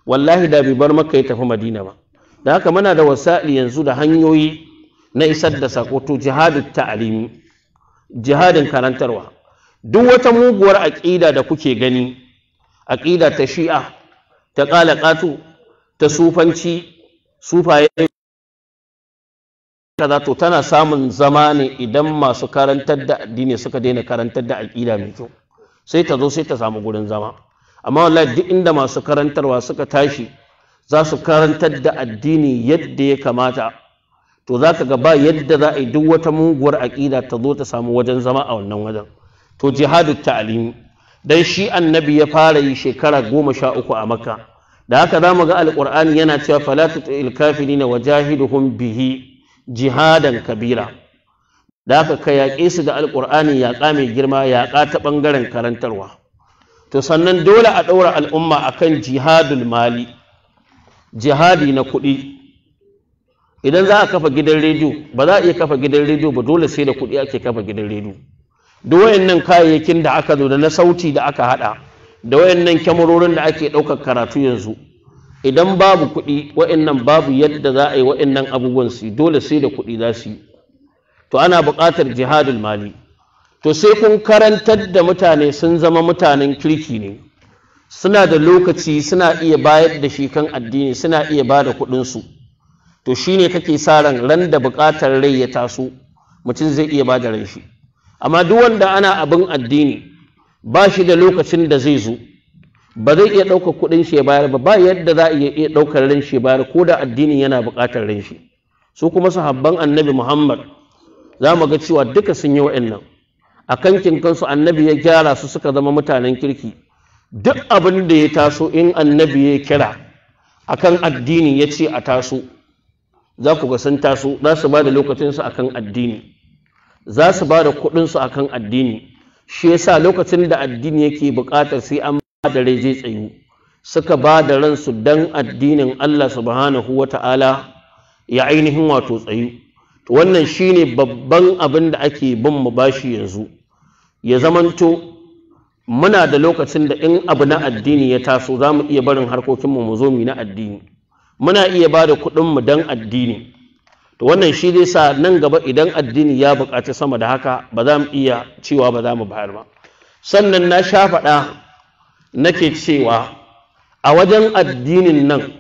wallahi da bai bar makka ya tafi madina ba da haka muna da wasa'il yanzu da hanyoyi na isar da saƙo to jihadin ta'alimi jihadin karantarwa duk wata muguwar aƙida da kuke gani aƙida ta shi'a ta ƙala ƙato ta sufanci sufaye kaza to tana samun zama ne idan masu karantar da addini suka daina karantar da aƙida mai kyau sai ta zo sai ta samu gurin zama amma wallahi duk inda masu karantarwa suka tashi za su karantar da addini yadda ya kamata to za ka ga ba yadda za a yi duk wata muguwar aƙida ta zo ta samu wajen zama a wannan wajen to jihadu ta'alimi dan shi annabi ya fara yi shekara goma sha uku a makka da haka za mu ga alƙur'ani yana cewa fala na wa wajahiduhum bihi jihadan kabira da haka ka yaƙe su da alƙur'ani yaƙa mai girma yaƙa ta ɓangaren karantarwa to sannan dole a ɗaura al'umma akan jihadul mali jihadi na kuɗi idan za a kafa gidan rediyo ba za a iya kafa gidan rediyo ba dole sai da kuɗi ake kafa gidan rediyo Da wayannan kayayyakin da aka zo da na sauti da aka hada da wayannan kyamarorin da ake ɗaukar karatu yanzu idan babu kuɗi wayannan babu yadda za a yi wayannan abubuwan su dole sai da kuɗi za su yi to ana buƙatar jihadul mali to sai kun karantar da mutane sun zama mutanen kirki ne suna da lokaci suna iya bayar da shi kan addini suna iya ba da su to shine kake sa ran ran da buƙatar rai ya taso mutum zai iya ba da ran shi amma duk wanda ana abin addini ba shi da lokacin da zai zo ba zai iya ɗauka kuɗin shi ya bayar ba ba yadda za a iya ɗaukar ran shi bayar ko da addinin yana buƙatar ran shi su kuma sahabban annabi muhammad za mu ga cewa duka sun yi wa'annan a kan kansu annabi ya gyara su suka zama mutanen kirki duk abin da ya taso in annabi ya kira a kan addini ya ce a taso za ku ga sun taso za su ba da lokacinsu kan addini za su ba da kuɗinsu a kan addini shi yasa lokacin da addini yake bukatar sai an ba da rai zai tsayu suka ba da ransu don addinin Allah subhanahu wa ta'ala ya ainihin wato tsayu wannan shi ne babban abin da ake bin mu bashi yanzu ya zamanto muna da lokacin da in abu na addini ya taso za mu iya barin harkokinmu mu zo mu na addini muna iya ba da kuɗinmu don addini to wannan shi dai sa nan gaba idan addini ya buƙaci sama da haka ba za mu iya cewa ba za mu bayar ba sannan na sha faɗa nake cewa a wajen addinin nan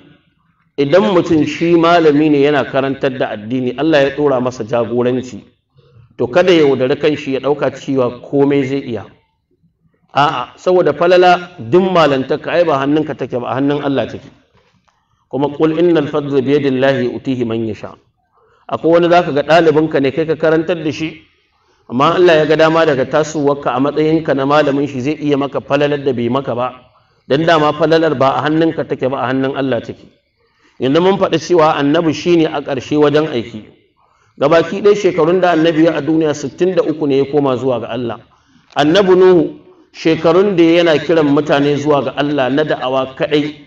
idan mutum shi malami ne yana karantar da addini Allah ya ɗora masa jagoranci to kada ya wudari kan shi ya ɗauka cewa komai zai iya a'a saboda falala duk malantarka ai ba hannunka take ba hannun Allah take kuma qul innal fadla biyadillahi utihi man yasha' akwai wani ka ga ɗalibinka ne kai ka karantar da shi amma Allah ya ga dama daga tasowarka a matsayinka na malamin shi zai iya maka falalar da bai maka ba dan dama falalar ba a hannunka take ba a hannun Allah take yanzu mun faɗi cewa annabi shi ne a ƙarshe wajen aiki gabaki ɗaya shekarun da annabi ya a duniya 63 ne ya koma zuwa ga Allah annabi Nuhu shekarun da yana kiran mutane zuwa ga Allah na da'awa kaɗai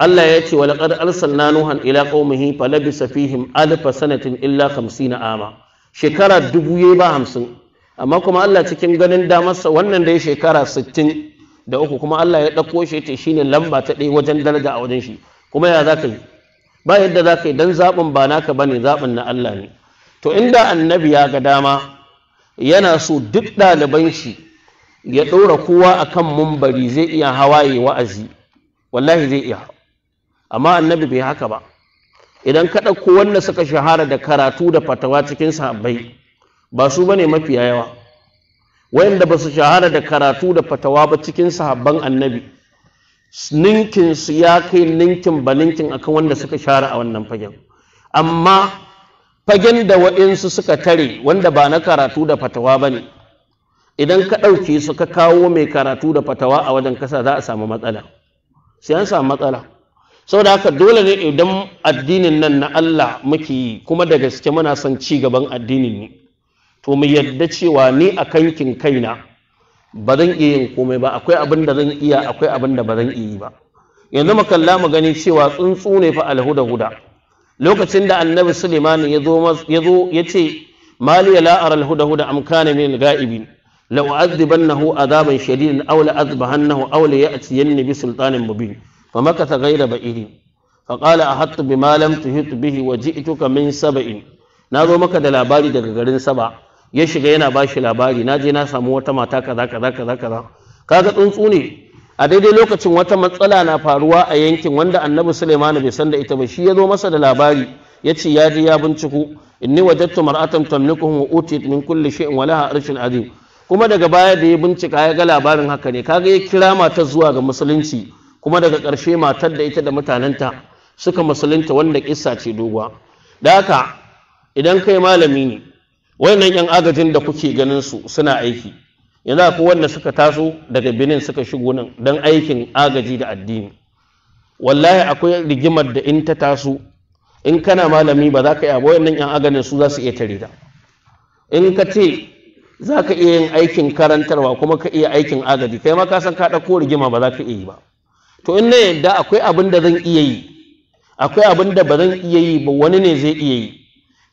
Allah ya ce walaqad arsalna nuhan ila qaumihi falabisa fihim alf sanatin illa 50 ama shekara dubu ya ba hamsin, amma kuma Allah cikin ganin damarsa wannan da ya shekara sittin da uku kuma Allah ya ɗauko shi ta shine lamba ta ɗaya wajen daraja a wajen shi kuma ya zaka yi ba yadda za ka yi don zaɓin ba naka ba ne, zaɓin na Allah ne to inda annabi ya ga dama yana so duk ɗaliban shi ya ɗora kowa a akan mumbari zai iya hawaye wa'azi wallahi zai iya amma annabi bai haka ba idan ka ɗauko wanda suka shahara da karatu da fatawa cikin sahabbai ba su bane mafiya yawa wayanda ba su shahara da karatu da fatawa ba cikin sahabban annabi ninkin su ya kai ninkin ba ninkin akan wanda suka shahara a wannan fagen amma fagen da waɗansu suka tare wanda ba na karatu da fatawa ba ne idan ka ɗauke su ka kawo mai karatu da fatawa a wajen kasa za a samu matsala sai an samu matsala saboda haka dole ne idan addinin nan na Allah muke kuma da gaske muna son ci gaban addinin ne to mu yadda cewa ni a kankin kaina ba zan iya yin komai ba akwai abin da zan iya akwai abin da ba zan iya yi ba yanzu mu kalla mu gani cewa tsuntsu ne fa alhuda huda lokacin da annabi Suleiman ya zo ya zo ce mali la'ar alhuda huda am kana min al-ga'ibin la u'adhibannahu adaban shadidan aw la azbahannahu aw la ya'tiyanni bi sultanin mubin fa makatha ghayra ba'iri fa qala ahattu malam lam tuhit bihi wa ji'tuka min sab'in na zo maka da labari daga garin saba ya shiga yana ba shi labari na je na samu wata mata kaza kaza kaza kaza kaga tsuntsu ne a daidai lokacin wata matsala na faruwa a yankin wanda annabi Sulaiman bai san da ita ba shi ya zo masa da labari ya ce ya je ya binciko inni wajadtu mar'atan tamlikuhum wa utiyat min kulli shay'in wa laha arshun azim kuma daga baya da ya bincika ya ga labarin haka ne kaga ya kira matar zuwa ga musulunci kuma daga ƙarshe matar da ita da mutanenta suka musulunta wanda kisa ce doguwa da haka idan kai malami ne wannan yan agajin da kuke ganin su suna aiki yanzu ku wanda suka taso daga benin suka shigo nan don aikin agaji da addini wallahi akwai rigimar da in ta taso in kana malami ba za ka yi abuwa wannan yan agajin su za su iya tare da in ka ce za ka iya yin aikin karantarwa kuma ka iya aikin agaji kai ma ka san ka rigima ba za ka iya yi ba to in na yadda akwai abin da zan iya yi akwai abin da ba zan iya yi ba wani ne zai iya yi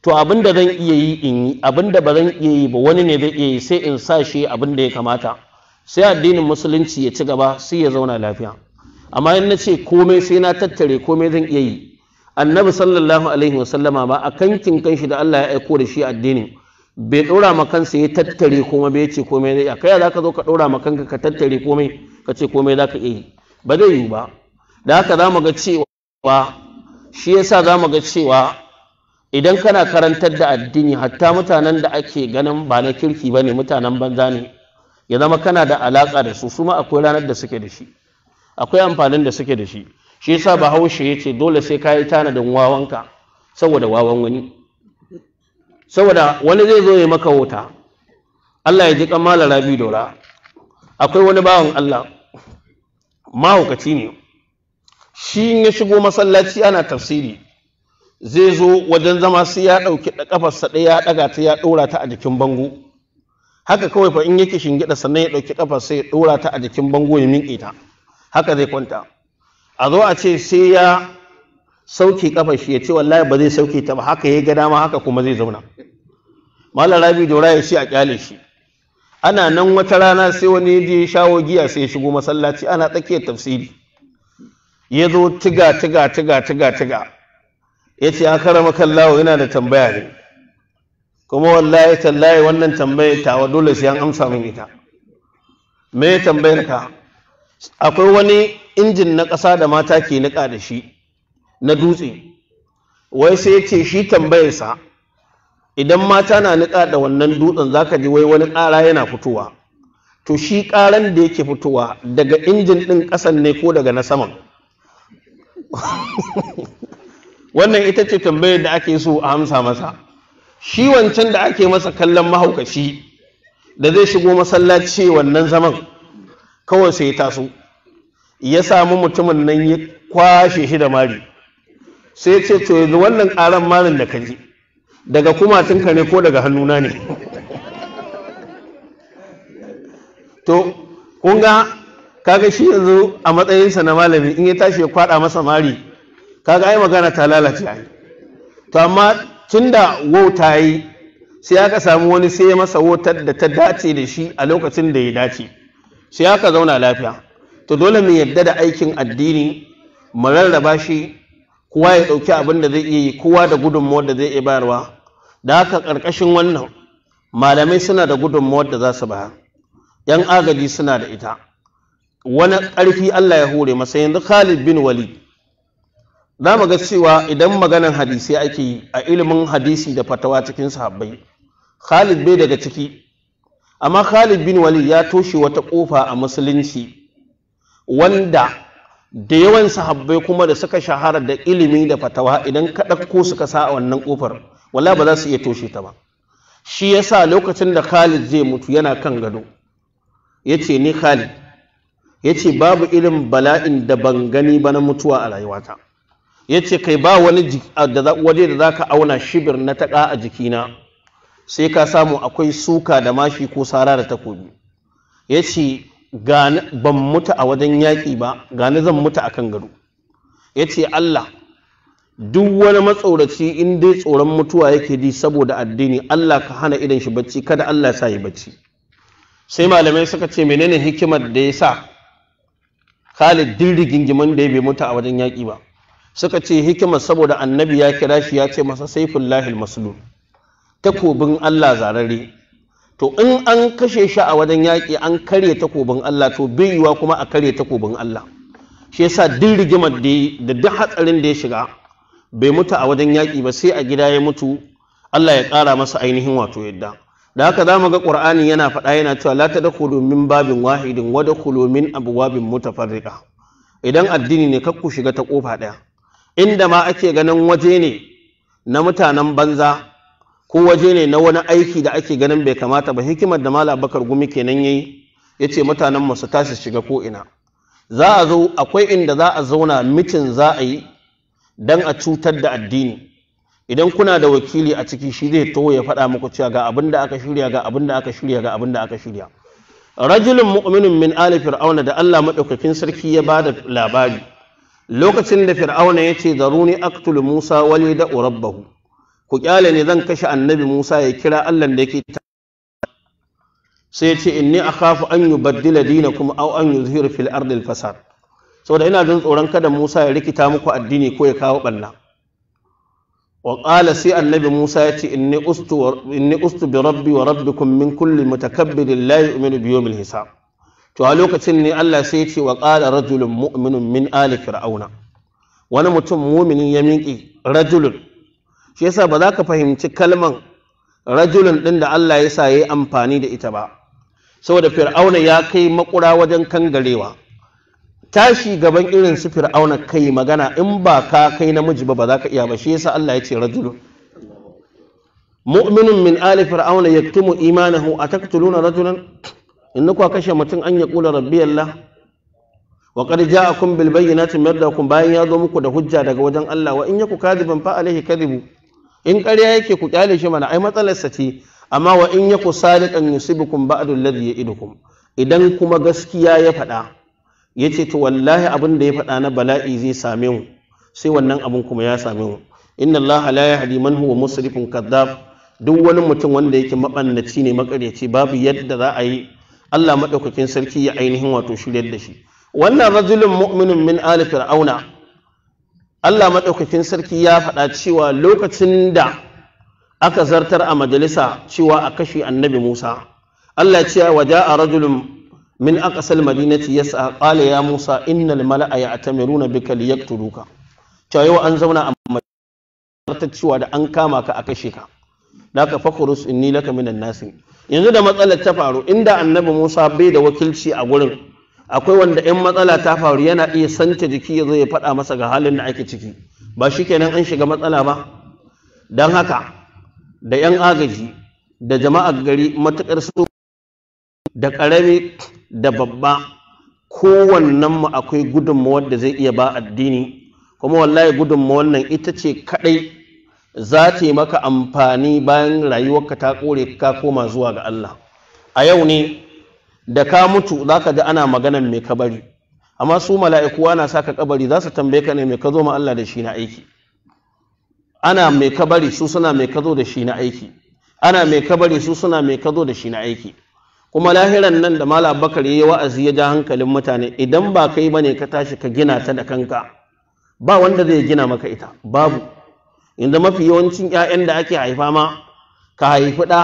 to abin da zan iya yi in yi abin da ba zan iya yi ba wani ne zai iya yi sai in sa shi abin da ya kamata sai addinin musulunci ya ci gaba sai ya zauna lafiya amma in na ce komai sai na tattare komai zan iya yi annabi sallallahu alaihi wasallama ba a kankin kanshi da Allah ya aiko da shi addinin bai dora ma kansa ya tattare kuma bai ce komai zai iya kai za ka zo ka dora ma kanka ka tattare komai ka ce komai za ka iya yi ba zai yi ba da haka za mu ga cewa shi yasa za mu ga cewa idan kana karantar da addini hatta mutanen da ake ganin ba na kirki ba ne mutanen banza ne ya zama kana da alaka da su suma akwai ranar da suke da shi akwai amfanin da suke da shi shi yasa bahaushe ya ce dole sai ka yi tanadin wawanka saboda wawan wani saboda wani zai zo ya maka wuta Allah ya ji kamala rabi dora akwai wani bawan Allah mahaukaci ne shi in ya shigo masallaci ana tafsiri zai zo wajen zama sai ya ɗauki ƙafarsa ɗaya ya ɗaga ta ya ɗora ta a jikin bango haka kawai fa in yake shingida sannan ya ɗauki ƙafarsa ya ɗora ta a jikin bango ya minke ta haka zai kwanta a zo a ce sai ya sauke ƙafar shi ya ce wallahi ba zai sauke ta ba haka ya ga dama haka kuma zai zauna malam rabi dora ya ce a kyale shi ana nan wata rana sai wani ya je shawo giya sai ya shigo masallaci ana tsakiyar tafsiri ya zo tiga tiga tiga tiga tiga ya ce an karama kallawo yana da tambaya ne kuma wallahi tallahi wannan ta tawa dole sai an amsa min ita me ya tambayar ka akwai wani injin na ƙasa da mata ke niƙa da shi na dutse wai sai ya ce shi tambayarsa idan mata na niƙa da wannan dutsen zaka ji wai wani ƙara yana fitowa to shi ƙaran da yake fitowa daga injin ɗin ƙasan ne ko daga na saman wannan ita ce tambayar da ake so a hamsa masa shi wancan da ake masa kallon mahaukaci da zai shigo masallaci wannan zaman kawai sai taso ya samu mutumin nan ya kwashe shi da mari sai ce to yanzu wannan ƙaran marin da ka ji daga kumatinka ne ko daga hannuna ne to kunga kaga shi yanzu a matsayinsa na malami in ya tashi ya kwada masa mari kaga ai magana ta lalace ai to amma tunda wauta yi sai aka samu wani sai ya masa wautar da ta dace da shi a lokacin da ya dace sai aka zauna lafiya to dole mu yadda da aikin addini mu rarraba shi kowa ya ɗauki abin da zai iya yi kowa da gudunmawar da zai iya bayarwa da haka ƙarƙashin wannan malamai suna da gudunmawar da za su ba yan agaji suna da ita wani ƙarfi Allah ya hure masa yanzu Khalid bin Wali, za mu ga cewa idan maganan hadisi ake yi a ilimin hadisi da fatawa cikin sahabbai Khalid bai daga ciki amma Khalid bin Wali ya toshe wata ƙofa a musulunci wanda da yawan sahabbai kuma da suka shahara da ilimi da fatawa idan ka ko suka sa a wannan ƙofar wala ba za su iya toshe ta ba shi yasa lokacin da Khalid zai mutu yana kan gado yace ni Khalid yace babu irin bala'in da ban gani ba na mutuwa a rayuwata yace kai ba wani waje da za ka auna shibir na taƙa a jikina sai ka samu akwai suka da mashi ko sara da takobi yace ban mutu a wajen yaƙi ba gani zan mutu a kan gado yace Allah duk wani matsoraci in dai tsoron mutuwa yake ji saboda addini Allah ka hana idan shi bacci kada Allah sa yi bacci sai malamai suka ce menene hikimar da ya sa Khalid din rigingimin da ya bai mutu a wajen yaƙi ba suka ce hikimar saboda annabi ya kira shi ya ce masa saifin lahil maslul takobin Allah zarare to in an kashe shi a wajen yaƙi an karye takobin Allah to bai kuma a karye takobin Allah shi yasa din rigimar da duk hatsarin da ya shiga bai mutu a wajen yaƙi ba sai a gida ya mutu Allah ya ƙara masa ainihin wato yadda da haka zamu ga Qur'ani yana faɗa yana cewa la tadkhulu min babin wahidin wa dakhulu min abwabin mutafarriqa idan addini ne kakku shiga ta kofa ɗaya inda ma ake ganin waje ne na mutanen banza ko waje ne na wani aiki da ake ganin bai kamata ba hikimar da Malam Bakar Gumi kenan yayi yace mutanen mu su tashi shiga ko ina za a zo akwai inda za a zauna mitin za a yi don a cutar da addini idan kuna da wakili a ciki shi zai to ya faɗa muku cewa ga abin da aka shirya ga abin da aka shirya ga abin da aka shirya rajulun mu'minun min ali fir'auna da Allah madaukakin sarki ya bada labari lokacin da fir'auna ya ce zaruni aqtulu musa wali da rabbahu ku kyale ne zan kashe annabi musa ya kira Allah da yake sai ya ce inni akhafu an yubaddila dinakum aw an yuzhira fil ardil fasad saboda ina jin tsoron kada Musa ya rikita muku addini ko ya kawo banna wa sai annabi Musa ya ce inni ustu ustu bi rabbi wa rabbikum min kulli mutakabbirin la yu'minu bi yawmil hisab to a lokacin ne Allah sai ya ce wa rajulun mu'minun min ali fir'auna wani mutum muminin ya miƙi rajulun shi yasa ba za ka fahimci kalman rajulun din da Allah ya sa yayi amfani da ita ba saboda fir'auna ya kai makura wajen kangarewa tashi gaban irin su fir'auna kai magana in ba ka kai namiji ba ba za ka iya ba shi yasa Allah ya ce rajulun mu'minun min ali fir'auna yaktumu imanahu ataqtuluna rajulan ku kashe mutum an ya kula rabbi Allah wa qad ja'akum bil bayyinati min rabbikum bayan ya zo muku da hujja daga wajen Allah wa in yaku kadiban fa alayhi kadibu in ƙarya yake ku kyale shi mana ai matsalar sa ce amma wa in yaku sadiqan yusibukum ba'du alladhi ya'idukum idan kuma gaskiya ya faɗa ya ce to wallahi abin da ya faɗa na bala'i zai same mu sai wannan abin kuma ya same mu inna allaha la yahdi man huwa musrifun kadhab duk wani mutum wanda yake mabannaci ne makaryaci babu yadda za a yi Allah madaukakin sarki ya ainihin wato shiryar da shi wannan rajulun mu'minun min ali fir'auna Allah madaukakin sarki ya faɗa cewa lokacin da aka zartar a majalisa cewa a kashe annabi Musa Allah ya ce wa ja'a rajulun min aqsal madinati yas'a qala ya musa innal mala'a ya'tamiruna bika liyaqtuluka to yau an zauna a ta cewa da an kama ka a kashe ka naka fakurus inni laka minan nasi yanzu da matsalar ta faru inda annabi musa bai da wakilci a gurin akwai wanda 'yan matsala ta faru yana iya santa jiki ya zo ya faɗa masa ga halin da ake ciki ba shi kenan an shiga matsala ba don haka da 'yan agaji da jama'ar gari matuƙar su da ƙarami da babba kowannen mu akwai gudunmawar da zai iya ba addini kuma wallahi gudunmawar nan ita ce kaɗai za ta maka amfani bayan rayuwarka ta kore ka koma zuwa ga Allah a yau ne da ka mutu za ka ji ana maganan mai kabari amma su na sa ka kabari za su tambaye ka ne mai ka zo ma Allah da shi na aiki ana mai kabari su suna mai ka da shi na aiki ana mai kabari su suna mai ka da shi na aiki kuma lahiran nan da mala bakar yi wa'azi ya ja hankalin mutane idan ba kai bane ka tashi ka gina ta da kanka ba wanda zai gina maka ita babu inda mafi yawancin 'ya'yan da ake haifa ma ka haifi ɗa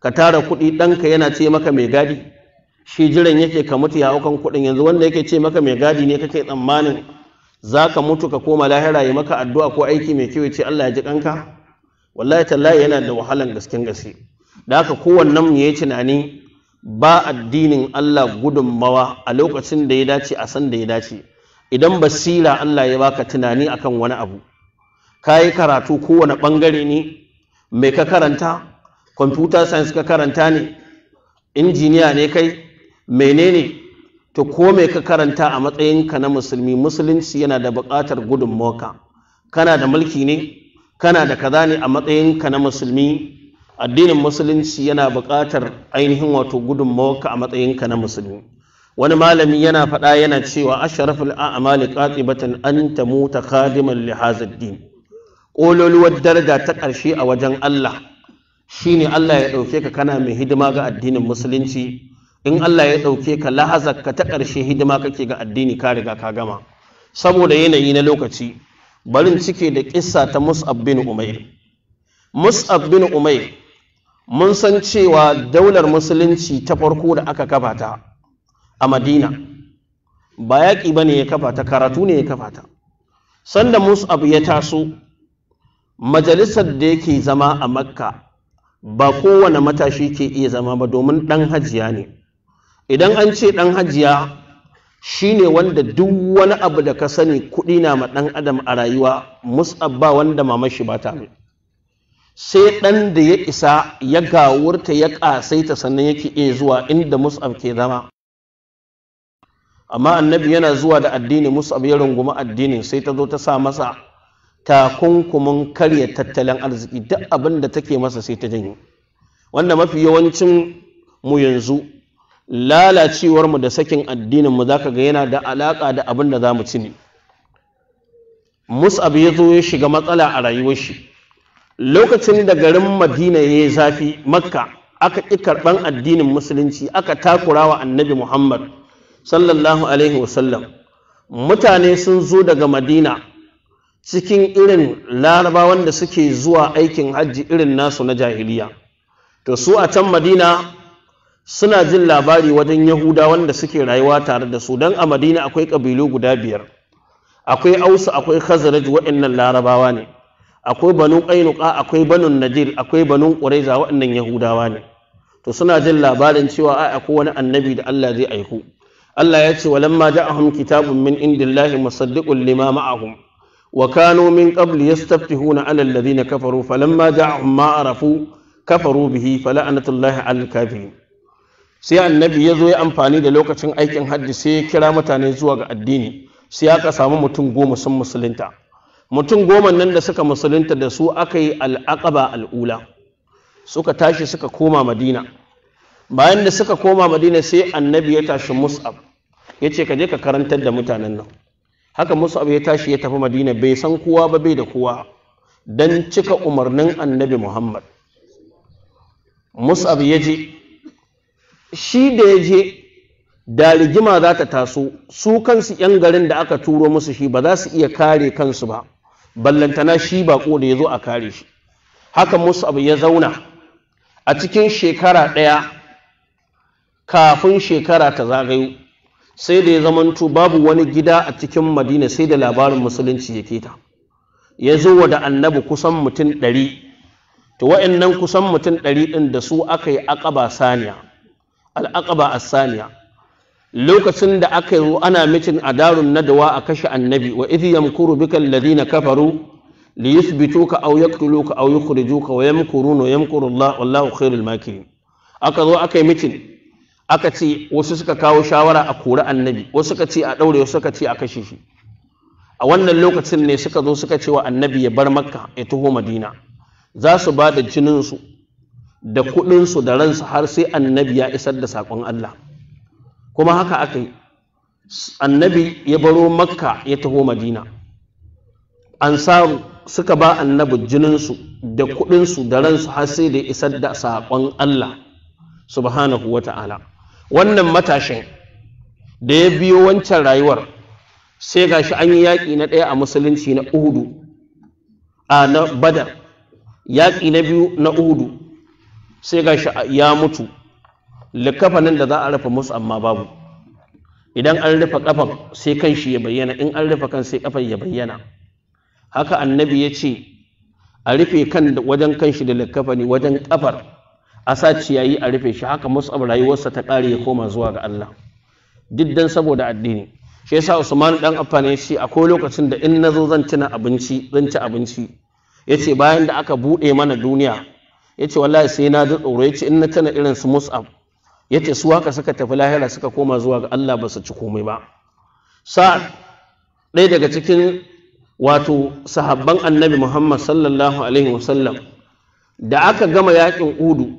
ka tara kuɗi ɗanka yana ce maka mai gadi shi jiran yake ka mutu ya haukan kuɗin yanzu wanda yake ce maka mai gadi ne kake tsammanin za ka mutu ka koma lahira yi maka addu'a ko aiki mai kyau ya ce Allah ya ji kanka wallahi tallahi yana da wahalan gasken gaske da haka kowannen mu yayi tunani ba addinin Allah gudunmawa a lokacin da ya dace a san da ya dace idan basira Allah ya baka tunani akan wani abu ka yi karatu kowane ɓangare ne mai ka karanta computer science ka karanta ne injiniya ne kai menene to ko mai ka karanta a matsayinka na musulmi musulunci yana da buƙatar gudunmawa kana da mulki ne kana da kaza ne a matsayinka na musulmi addinin musulunci yana buƙatar ainihin wato gudun mawaka a matsayinka na musulmi wani malami yana faɗa yana cewa asharaful a'mali qatibatan an ta khadiman li hazad din ƙololuwar daraja ta ƙarshe a wajen Allah shine Allah ya ɗauke ka kana mai hidima ga addinin musulunci in Allah ya ɗauke ka lahazar ka ta ƙarshe hidima kake ga addini ka riga ka gama saboda yanayi na lokaci barin cike da ƙissa ta Mus'ab bin Umair Mus'ab bin Umair mun san cewa daular musulunci ta farko da aka kafa ta a madina ba yaƙi ba ne ya kafa ta karatu ne ya kafa ta sanda abu ya taso majalisar da yake zama a makka ba kowane matashi ke iya zama ba domin ɗan hajiya ne idan an ce ɗan hajiya shine wanda duk wani abu da ka sani kuɗi na ma ɗan adam a rayuwa mus'ab ba wanda mamashi ba ta mai sai ɗan da ya isa ya gawurta ya ƙasaita sannan yake iya zuwa inda mus'ab ke zama amma annabi yana zuwa da addini mus'ab ya rungumi addinin sai ta zo ta sa masa takunkumin karya tattalin arziki duk abin da take masa sai ta janyo wanda mafi yawancin mu yanzu lalacewar mu da sakin addinin mu zaka ga yana da alaka da abin da mu ci ne mus'ab ya zo ya shiga matsala a rayuwar shi lokacin da garin madina ya yi zafi makka aka ƙi karɓan addinin musulunci aka takura wa annabi muhammad sallallahu alaihi wasallam mutane sun zo daga madina cikin irin laraba wanda suke zuwa aikin hajji irin nasu na jahiliya to su a can madina suna jin labari wajen yahuda wanda suke rayuwa tare da su don a madina akwai ƙabilu guda biyar akwai ausu akwai khazaraj waɗannan larabawa ne akwai banu kainuka, akwai banun nadir akwai banun ƙuraiza waɗannan yahudawa ne to suna jin labarin cewa a akwai wani annabi da Allah zai aiku Allah ya ce walamma ja'ahum kitabun min indillahi musaddiqun lima ma'ahum wa kanu min qabli yastaftihuna 'ala alladhina kafaru falamma ja'ahum ma arafu kafaru bihi fala'natullahi 'alal kafirin sai annabi ya zo ya amfani da lokacin aikin hajji sai ya kira mutane zuwa ga addini sai ka samu mutum goma sun musulunta mutum goma nan da suka musulunta da su aka yi al'aqaba al'ula suka tashi suka koma madina bayan da suka koma madina sai annabi ya tashi mus'ab ya ce ka je ka karantar da mutanen nan haka mus'ab ya tashi ya tafi madina bai san kowa ba bai da kowa don cika umarnin annabi muhammad mus'ab ya je shi da ya je da rigima za ta taso su kansu 'yan garin da aka turo musu shi ba za su iya kare kansu ba ballantana shi bako da ya zo a kare shi haka musu abu ya zauna a cikin shekara ɗaya kafin shekara ta zagayo sai da ya zamanto babu wani gida a cikin madina sai da labarin musulunci ya keta ya zo wa da annabi kusan mutum ɗari to wa'annan kusan mutum ɗari ɗin da su aka yi aƙaba saniya al'aƙaba saniya lokacin da aka yi ana mitin a darun nadawa a kashe annabi wa idh yamkuru bika alladhina kafaru li ka aw ka aw ka wa yamkuruna yamkuru Allah wallahu khairul makirin aka zo aka yi mitin aka ce wasu suka kawo shawara a kori annabi wasu suka ce a daure wasu suka ce a kashe shi a wannan lokacin ne suka zo suka ce wa annabi ya bar makka ya taho madina za su ba da jininsu da kuɗinsu da ransu har sai annabi ya isar da saƙon Allah kuma haka aka yi annabi ya baro makka ya taho madina samu suka ba annabi jininsu da kuɗinsu da ransu har sai da isar da saƙon allah subhanahu wa ta'ala wannan matashin da ya biyo wancan rayuwar sai gashi an yi yaƙi na ɗaya a musulunci na uhudu a na badar yaƙi na biyu na uhudu sai gashi ya mutu likafanin da za a rufe musu amma babu idan an rufe kafan sai kan shi ya bayyana in an rufe kan sai kafan ya bayyana haka annabi ya ce a rufe kan wajen kan shi da likafani wajen kafar a sa ciyayi a rufe shi haka musu rayuwarsa ta ƙare ya koma zuwa ga Allah diddan saboda addini shi yasa Usman dan Affan ya ce akwai lokacin da in nazo zan ci abinci zan ci abinci yace bayan da aka bude mana duniya yace wallahi sai na ji tsoro yace in na tana irin su mus'ab ya ce su waka suka tafi lahira suka koma zuwa ga Allah ba su ci komai ba sa ɗaya daga cikin wato sahabban annabi Muhammad sallallahu alaihi wasallam da aka gama yakin udu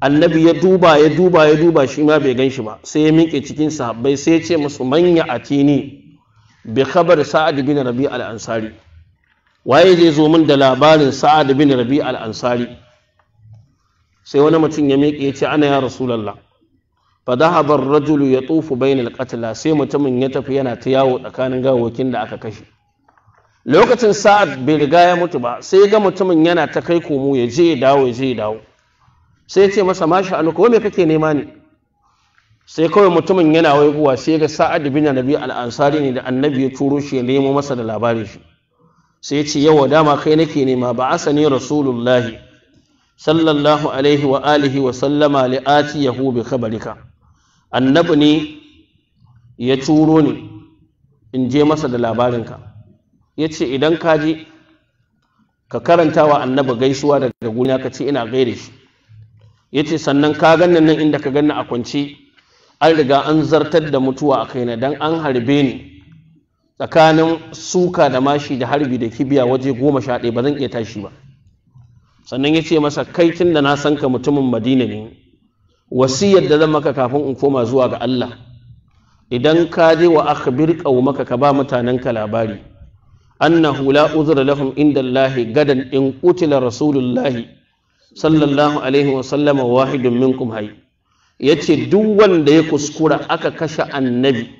annabi ya duba ya duba ya duba shi ma bai gan shi ba sai ya miƙe cikin sahabbai sai ya ce musu manya a tini bi khabar sa'ad bin rabi al-ansari waye zai zo min da labarin sa'ad bin rabi al-ansari sai wani mutum ya miƙe ya ce ana ya rasulallah fa dhahaba ar-rajulu yatufu bainal qatla sai mutumin ya tafi yana ta yawo tsakanin gawokin da aka kashe lokacin sa'ad bai riga ya mutu ba sai ga mutumin yana ta kai komo ya je ya dawo ya je ya dawo sai ya ce masa mashi anu ko me kake nema ne sai kawai mutumin yana waiguwa, sai ga sa'ad bin nabi al-ansari ne da annabi ya turo shi ya nemo masa da labarin shi sai ya ce yawa dama kai nake nema ba asani rasulullahi sallallahu alaihi wa alihi wa sallama li'ati yahu bi khabarika annabi ne ya turo ni in je masa da labarinka ya ce idan ka je ka karanta wa annabi gaisuwa daga guna ka ce ina gaire shi ya ce sannan ka ganna nan inda ka ganna a kwance an riga an zartar da mutuwa a kaina don an harbe ni tsakanin suka da mashi da harbi da kibiya waje goma sha ɗaya ba zan iya tashi ba sannan ya ce masa kai tun da na san ka mutumin madina ne wasiyar da zan maka kafin in koma zuwa ga Allah idan ka je wa akhbir maka ka ba mutanen ka labari annahu la uzra lahum inda Allah gadan in qutila rasulullahi sallallahu alaihi wa sallama wahidun minkum Ya yace duk wanda ya kuskura aka kashe annabi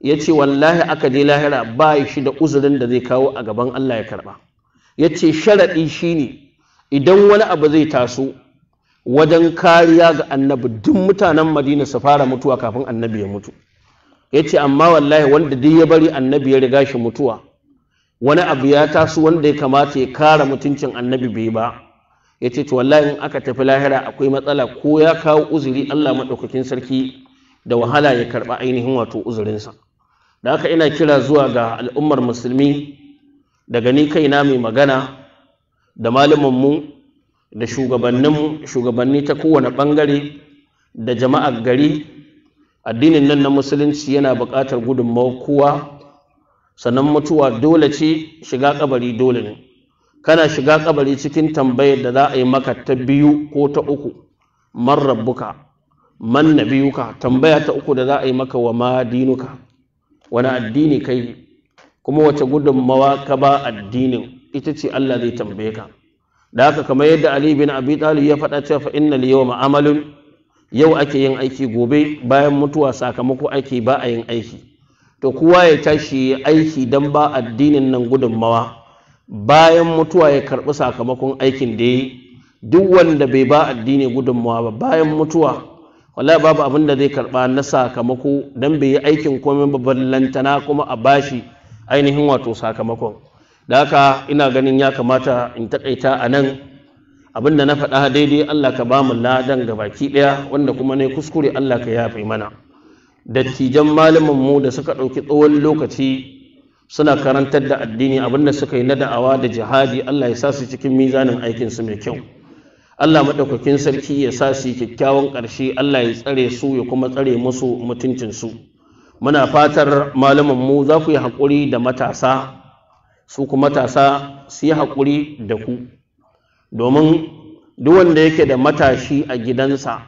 yace wallahi aka je lahira ba shi da uzurin da zai kawo a gaban Allah ya karba yace sharadi shine idan wani abu zai taso wajen kariya ga annabi duk mutanen madina su fara mutuwa kafin annabi ya mutu ya ce amma wallahi wanda dai ya bari annabi ya riga shi mutuwa wani abu ya taso wanda ya kamata ya kara mutuncin annabi bai ba ya ce wallahi in aka tafi lahira akwai matsala ko ya kawo uzuri allah maɗaukakin sarki da wahala ya karɓa ainihin wato uzurinsa da haka ina kira zuwa ga al'ummar musulmi daga ni kaina mai magana da malamanmu da shugabanninmu shugabanni ta kowane ɓangare da jama'ar gari addinin nan na musulunci yana buƙatar gudunmawar kowa sannan mutuwa dole ce shiga kabari dole ne kana shiga kabari cikin tambayar da za a yi maka ta biyu ko ta uku man rabbuka man ka, tambaya ta uku da za a yi maka wa ma dinuka wani addini kai kuma wace gudunmawa ka ba addinin ita ce Allah zai tambaye ka da haka kamar yadda Ali bin Abi Talib ya faɗa cewa fa innal yawma amalun yau ake yin aiki gobe bayan mutuwa sakamako aiki ba a yin aiki to kowa ya tashi aiki dan ba addinin nan gudunmawa bayan mutuwa ya karɓi sakamakon aikin da yi duk wanda bai ba addini gudunmawa ba bayan mutuwa wala babu abin da zai karɓa na sakamako dan bai yi aikin komai ba ballantana kuma a bashi ainihin wato sakamakon da haka ina ganin ya kamata in takaita a nan abinda na faɗa daidai Allah ka ba mu ladan ga baki ɗaya wanda kuma ne kuskure Allah ka yafe mana dattijan malamin mu da suka ɗauki tsawon lokaci suna karantar da addini abinda suka yi na da'awa da jihadi Allah ya sa su cikin mizanin aikin su mai kyau Allah maɗaukakin sarki ya sa su kyakkyawan ƙarshe Allah ya tsare su ya kuma tsare musu mutuncin su muna fatar malamin mu za ku yi haƙuri da matasa su kuma matasa su yi haƙuri da ku domin duk wanda yake da matashi a gidansa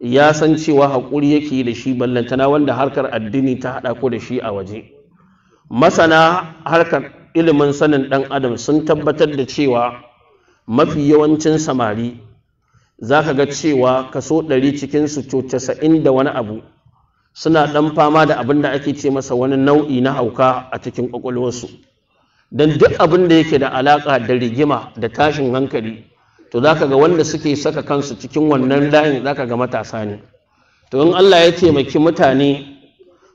ya san cewa haƙuri yake da shi ballantana wanda harkar addini ta haɗa ku da shi a waje masana harkar ilimin sanin ɗan adam sun tabbatar da cewa mafi yawancin samari za ka ga cewa kaso ɗari cikinsu to sa'in da wani abu suna ɗan fama da abin da ake ce masa wani nau'i na hauka a cikin ƙwaƙwalwarsu don duk abin da yake da alaƙa da rigima da tashin hankali to za ka ga wanda suke saka kansu cikin wannan layin za ka ga matasa ne to in allah ya taimaki mutane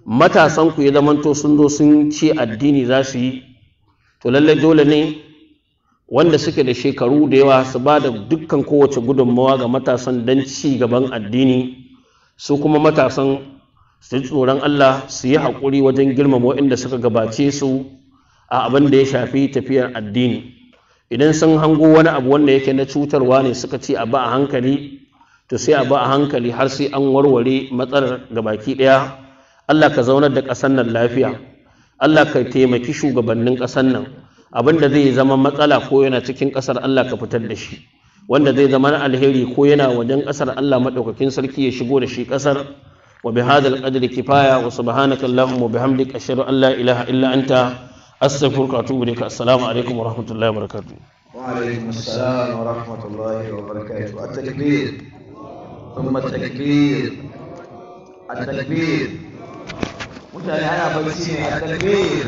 matasan ku ya zamanto sun zo sun ce addini za su yi to lallai dole ne wanda suke da shekaru da yawa su ba da dukkan kowace gudunmawa ga matasan don ci gaban addini su kuma matasan su tsoron allah su yi haƙuri wajen girmama waɗanda suka gabace su a abin da ya shafi tafiyar addini idan sun hango wani abu wanda yake na cutarwa ne suka ce a ba a hankali to sai a ba a hankali har sai an warware matsalar ga baki ɗaya Allah ka zaunar da ƙasar nan lafiya Allah ka taimaki shugabannin ƙasar nan abin da zai zama matsala ko yana cikin ƙasar Allah ka fitar da shi wanda zai zama na alheri ko yana wajen ƙasar Allah maɗaukakin sarki ya shigo da shi ƙasar wa hadal qadri kifaya wa subhanaka allahumma wa bihamdika ashhadu an la ilaha illa anta استغفرك واتوب اليك السلام عليكم ورحمه الله وبركاته وعليكم السلام ورحمه الله وبركاته التكبير ثم التكبير التكبير متابعينا فلسطين التكبير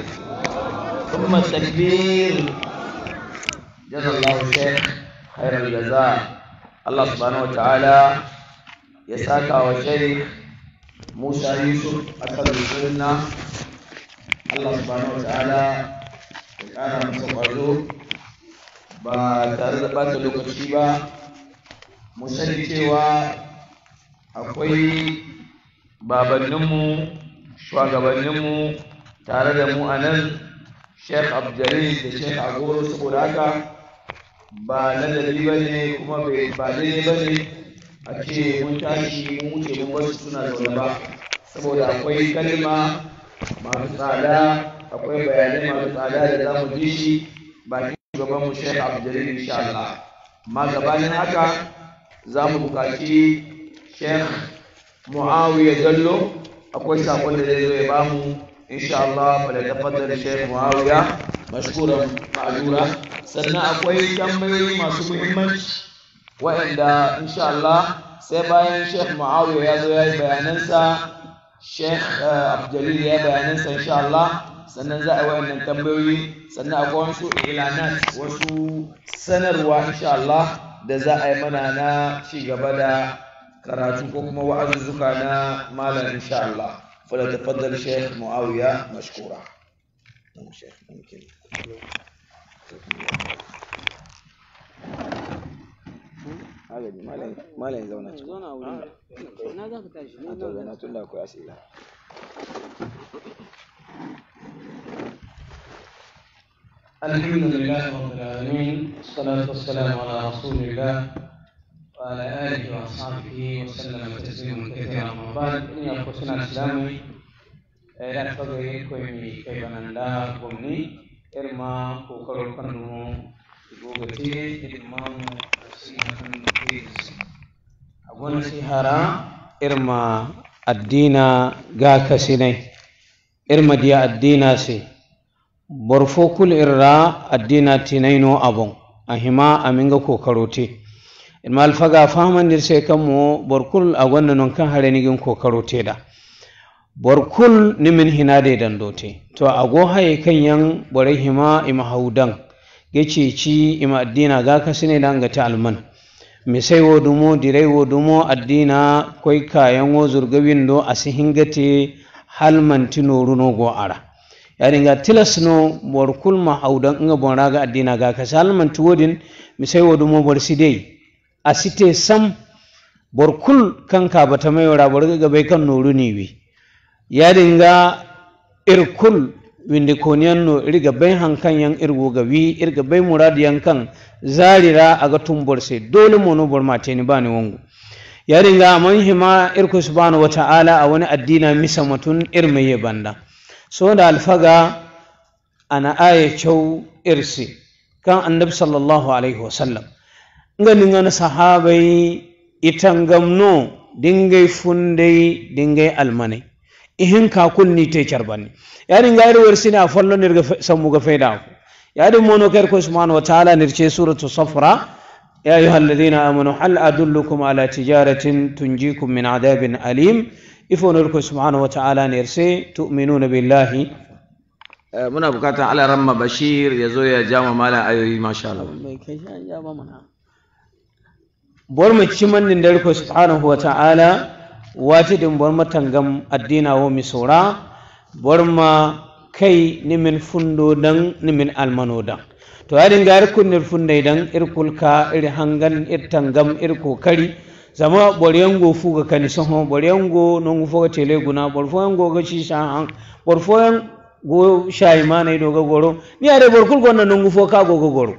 ثم التكبير جزا الله الشيخ خير الجزاء الله سبحانه وتعالى يساكا وشيخ موسى يوسف اكثر من Allah subhanahu wa ta'ala ya ƙara masa ƙwazo ba tare da ɓata lokaci ba mu sani cewa akwai babanninmu shugabanninmu tare da mu a nan sheikh abdulai da sheikh agoro saboda haka ba ladabi ba ne kuma ba daidai ba ne a ce mun tashi mun wuce mun wasu suna zaune ba saboda akwai kalma masu tsada akwai bayanai masu tsada da za mu ji shi bakin shugaban mu Sheikh Abdul insha Allah amma gabanin haka za mu buƙaci Sheikh Muawiya Jallo akwai sakon da zai zo ya ba mu insha Allah bala tafaddal Sheikh Muawiya mashkuran ma'azura sannan akwai tambayoyi masu muhimmanci wa'anda insha Allah sai bayan Sheikh Muawiya ya zo ya yi bayanansa Sheikh uh, Abdul ya bayanin sa insha Allah sannan za a yi wa'annan tambayoyi sannan akwai wasu ilanat wasu sanarwa insha Allah da za a yi mana na ci gaba da karatu ko kuma wa'azuzzuka na malam insha Allah da tafaddal Sheikh Muawiya mashkura. Sheikh you. الحمد لله رب العالمين والصلاة والسلام على رسول الله وعلى آله وأصحابه وسلم تسليما كثيرا بعد إن أنفسنا إسلامي إلى فضل كويمي كيبنا لا قمني إرما وكرر كنو بوغتي إرما agon si hara irma addina ga kasinai irma diya addina si borfo kul irra addina tinaino abon ahima aminga kokarote irma alfaga famandir se kanmo barkul agonna non kan harenigin kokarote da borkul nimin hinade dandote to ago haye kan yan bore hima ima haudan ci ima addina ga ga ta alman sai wo dumo wo dumo addina koy wo zurga windo asi hingate no go ara tilas no bor kulma hawdan nga raga addina ga kasi tu wodin mi wo dumo bor si asite sam bor kul wara bor ga bai kan noruniwi yaringa irkul windi koniyan no irga bai hankan yan irgo gawi irga bai murad kan zarira aga tumbor sai, dole mono bor mate ni bani wangu ya ga mun hima irko subhanahu ta'ala a wani addina misamatun irmaye banda so da alfaga ana aya chau irsi kan annabi sallallahu alaihi wasallam ngani ngana sahabai itangamno dingai fundai dingai almanai ihin kakun ni te charbani yani ngairu wersina fallo nirga ga feda yani mono ker ko subhanahu wa ta'ala nirche suratu safra ya ayuha alladhina amanu hal adullukum ala tijaratin tunjikum min adabin alim ifo nirko subhanahu wa ta'ala nirse tu'minuna billahi eh, muna bukatan ala ramma bashir yazo ya jama malam ayoyi masha Allah bor mu ci mannin da riko subhanahu wa ta'ala watidin din bar tangam addina wo mi sora ma kai nimin fundo dan nimin almano dan to adin ga rukun ni fundai dan irkul ka ir hangan ir tangam ir kokari zama boryango fuga kani soho boryango non fuga tele guna borfoyango ga shi shahan borfoyan go sha mana do ga goro ni are borkul gonna nongu foka go ga goro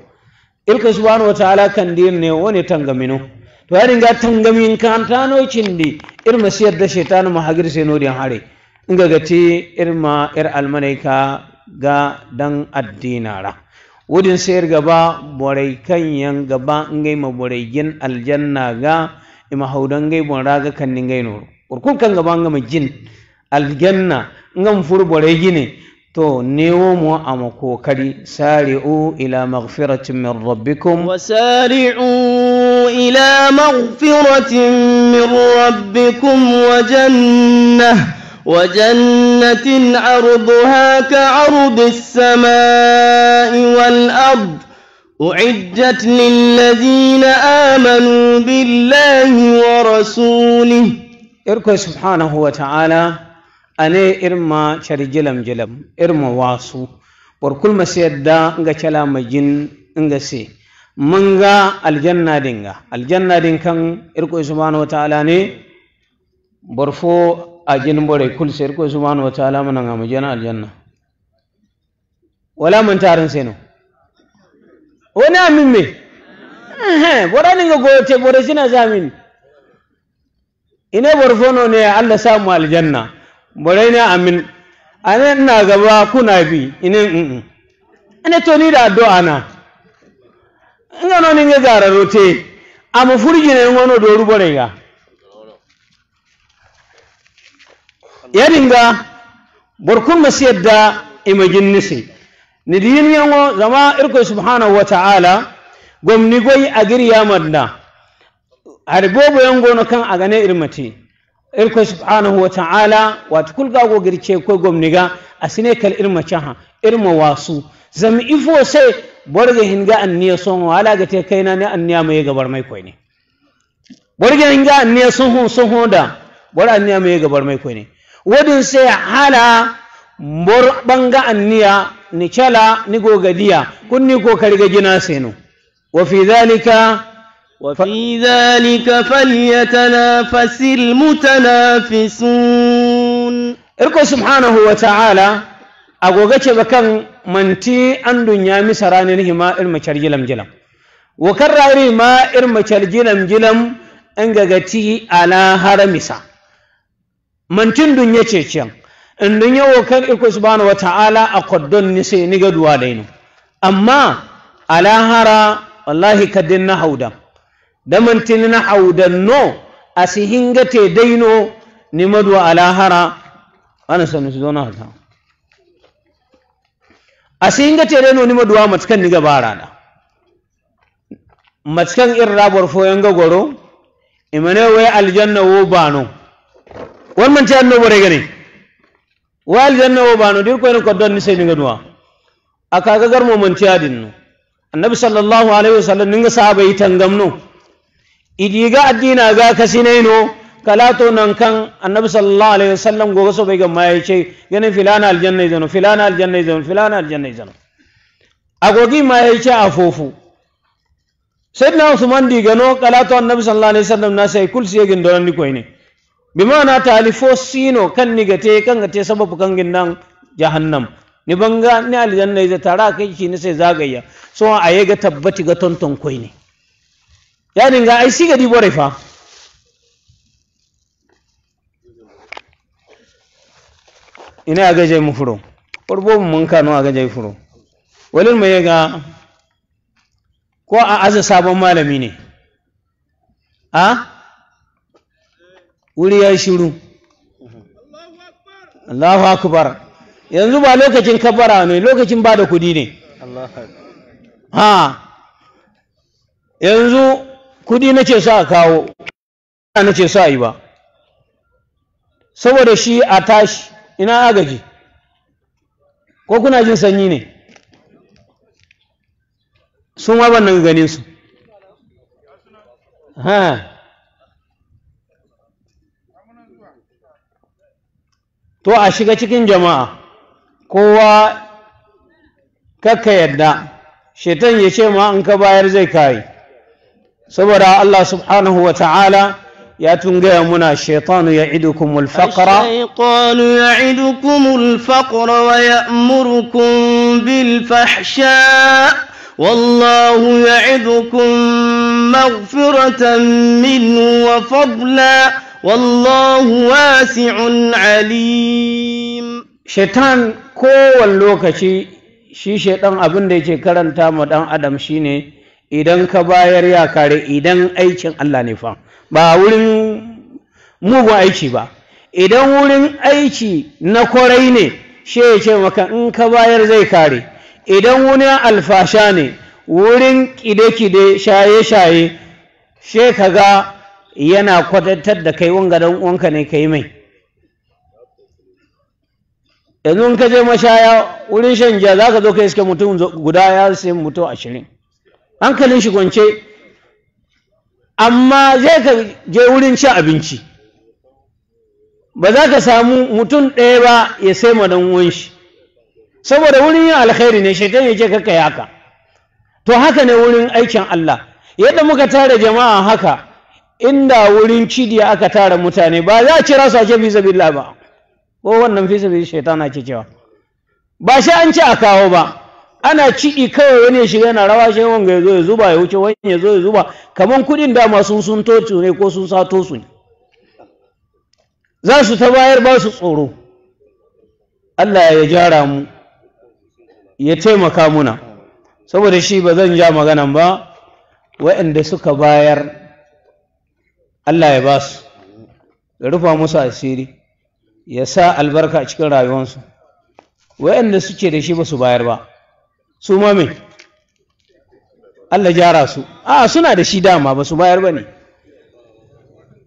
ilka subhanahu wa ta'ala kan dir ne woni tangamino to adin ga tangamin kan tano cindi irma siyar da shaitan ma hagir sai nodiyan hare inga gati irma ir almanaika ga dan addinara wudin sayar gaba borai yan gaba ngai ma borai gin aljanna ga ima haudan ngai bon raga ni ngai nuru urkun kan gaba ma jin aljanna ga fur borai gine to newo mu a makokari sari'u ila maghfiratin min rabbikum wa إلى مغفرة من ربكم وجنة وجنة عرضها كعرض السماء والأرض أعدت للذين آمنوا بالله ورسوله إركو سبحانه وتعالى أنا إرما شري جلم جلم إرما واسو وركل سيدا نغا شلام مجن نغا سي mun ga aljanna dinga aljanna din kan irko subhanahu ta'ala ne barfo a jin bore kul sai irko subhanahu ta'ala mun ga mu jana aljanna wala mun tarin sai no wani amin me bora dinga gote bora na zamin ina barfo no ne Allah samu aljanna bore ne amin anan na gaba kuna bi ina mm, mm. ina to ni da addu'a na nga no ninge gararo te amufurigine ngono do ruborega yadinga Ni masiyadda yi nidiyin yango zama irko subhanahu wa ta'ala gwamni a agir yamadna har bobo yango no kan agane irmati irko subhanahu wa ta'ala wata kulga go girce ko gwamni ga asine kal irma caha irma wasu zami ifo sai borga hinga anniya son wala ga te kaina ne anniya mai gabar mai ne borga hinga anniya sun hon son hoda bor niya mai gabar mai ne wadin sai hala bor banga anniya ni chala ni gogadiya kunni ko karga jina seno wa fi dhalika وفي ذلك فليتنافس المتنافسون إركو سبحانه وتعالى goga ce bakan manti an dunya misarani ni ma irma charjilam jilam wa rari ma irma charjilam jilam an gagati ala haramisa mantin dunya ce ciyan in dunya wa kan iko subhanahu wataala a kwadon ni ni gaduwa dainu amma ala hara wallahi kadin na haudan. da mantin na haudan no sihin gate daino ni madwa ala hara ana sanu su zo na haudan asinga tereno nima duwa matkan niga da. matkan irra borfo yanga goro imane we aljanna wo bano won man tan no bore gani wa aljanna wo bano dir ko en ko don ni sey niga duwa aka ga gar mo man tiadin no annabi sallallahu alaihi wasallam ninga sahaba itangamno idiga addina ga kasinai no kalato nan kan annabi sallallahu alaihi wasallam gogo so bai gamma yace ganin filana aljanna izano filana aljanna izano filana aljanna izano agogi ma yace afofu sayyidina usman di gano kalato annabi sallallahu alaihi wasallam na sai kul siye gin doran ni na bimana alifo sino kan ni gate kan gate sababu kan gin nan jahannam ni banga ni aljanna ta tara kai shi ni sai zagayya so a ga tabbati ga tonton ne. yani ga ai siga di bore fa ina aga jay mu furo or mun ka no aga jay furo walin mai ga ko a aza sabon malami ne a wuri ya shiru Allahu akbar yanzu ba lokacin kabbara ne lokacin ba da kudi ne ha yanzu kudi nace sa kawo nace sa yi ba saboda shi a tashi ina agaji ko kuna jin sanyi ne sun wa wannan ganin su ha to a shiga cikin jama'a kowa kakka yadda shetan ya ce ma an ka bayar zai kayi saboda Allah subhanahu wa ta'ala ya tungaya muna shaitanu ya idukum alfaqra shaytanu ya'idukum alfaqra wa ya'murukum bil fahsha wallahu ya'idukum maghfiratan minhu wa fadla wallahu wasi'un alim shaitan kowane lokaci shi shaitan abin da yake karanta ma dan adam shine idan ka bayar ya kare idan aikin Allah ne fa ba wurin mugu aiki ba idan wurin aiki na kwarai ne shi ya ce maka in ka bayar zai kare idan wurin alfasha ne wurin kide-kide shaye-shaye she ka ga yana kwatantar da kai wanga don wanka ne ka yi mai yanzu in ka je mashaya wurin shan jiya za ka zo ka iske mutum guda ya sai mutum ashirin hankalin shi kwance amma zai ka je wurin cin abinci ba za ka samu mutum ɗaya ba ya sai ma dan shi saboda wurin yin alkhairi ne shaitan ya ce kaka yaka. to haka ne wurin aikin Allah yadda muka tara jama'a haka inda wurin cidiya aka tara mutane ba za a cira su ake ce fi sabilillah ba ko wannan fi sabilillah shaitan na ce cewa ba shi an ci a kawo ba ana ciki kawai wani ya shiga yana rawa shi wanga ya zo ya zuba ya wuce wani ya zo ya zuba kaman kuɗin dama sun sun toci ne ko sun sato su ne za su ta bayar ba su tsoro Allah ya jara mu ya taimaka muna saboda shi ba zan ja maganan ba waɗanda suka bayar Allah ya ba su ya rufa musu asiri ya sa albarka a cikin rayuwarsu waɗanda suke da shi ba su bayar ba su ma mai Allah jara su a suna da shi dama ba su bayar ba ne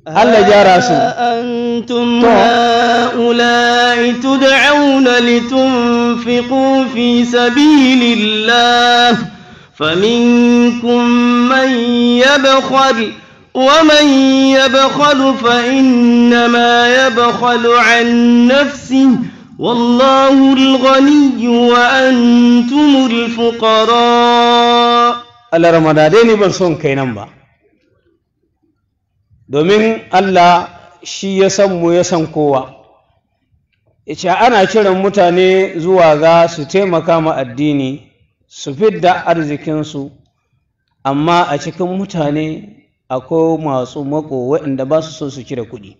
Allah jara su antum haula'i tud'auna litunfiqu fi sabilillah فمنكم من يبخل ومن يبخل فإنما يبخل عن نفسه والله الغني وأنتم الفقراء الله رمضان ديني بنسون كينام با domin Allah shi ya san mu ya san kowa ce ana kiran mutane zuwa ga su taimaka ma addini su fidda arzikinsu amma a cikin mutane akwai masu mako waɗanda ba su so su kira kuɗi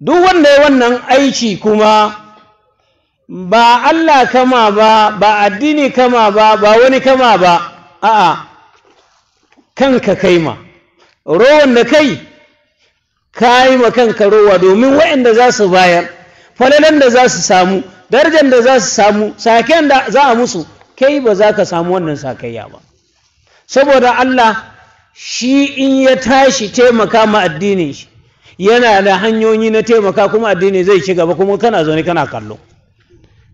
duk wanda ya wannan aiki kuma ba Allah kama ba ba addini kama ba ba wani kama ba a'a kanka kaima rowan da kai kai ma kanka rowa domin waɗanda za su bayar falalan da za su samu darjan da za su samu saken da za a musu kai ba za ka samu wannan sakayya ba saboda Allah shi in ya tashi taimaka ma addinin shi yana da hanyoyi na taimaka kuma addini zai ci gaba kuma kana zaune kana kallo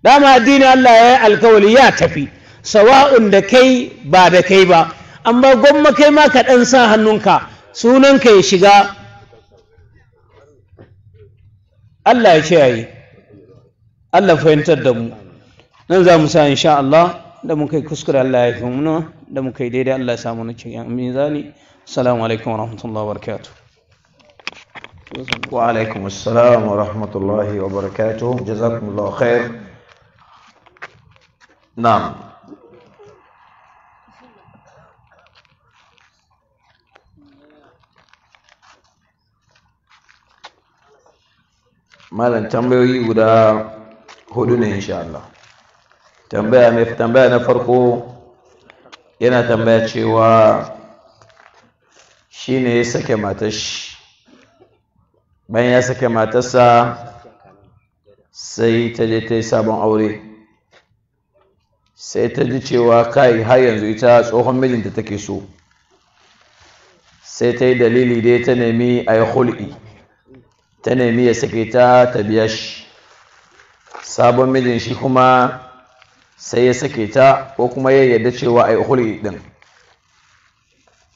dama addini Allah ya yi alkawali ya tafi sawa'un da kai ba da kai ba amma gwamma kai ma ka ɗan sa hannunka sunanka ya shiga Allah ya ce yayi Allah fahimtar da mu nan za mu sa insha Allah da mun kai kuskure Allah ya yi mu da mun kai daidai Allah ya samu na cikin amin mizani assalamu alaikum warahmatullahi wabarakatuh وعليكم السلام ورحمة الله وبركاته جزاكم الله خير نعم مالا تنبيه غدا هدوني ان شاء الله تنبيه ما تنبيه نفرقو ينا تنبيه شيء و شيء ماتش bayan ya sake matarsa sai ta je ta yi sabon aure sai ta ji cewa kai har yanzu ita tsohon mijinta take so sai ta yi dalili dai ta nemi a yi hul'i ta nemi ya sake ta ta biya shi sabon mijin shi kuma sai ya sake ta ko kuma ya yarda cewa a yi hul'i ɗin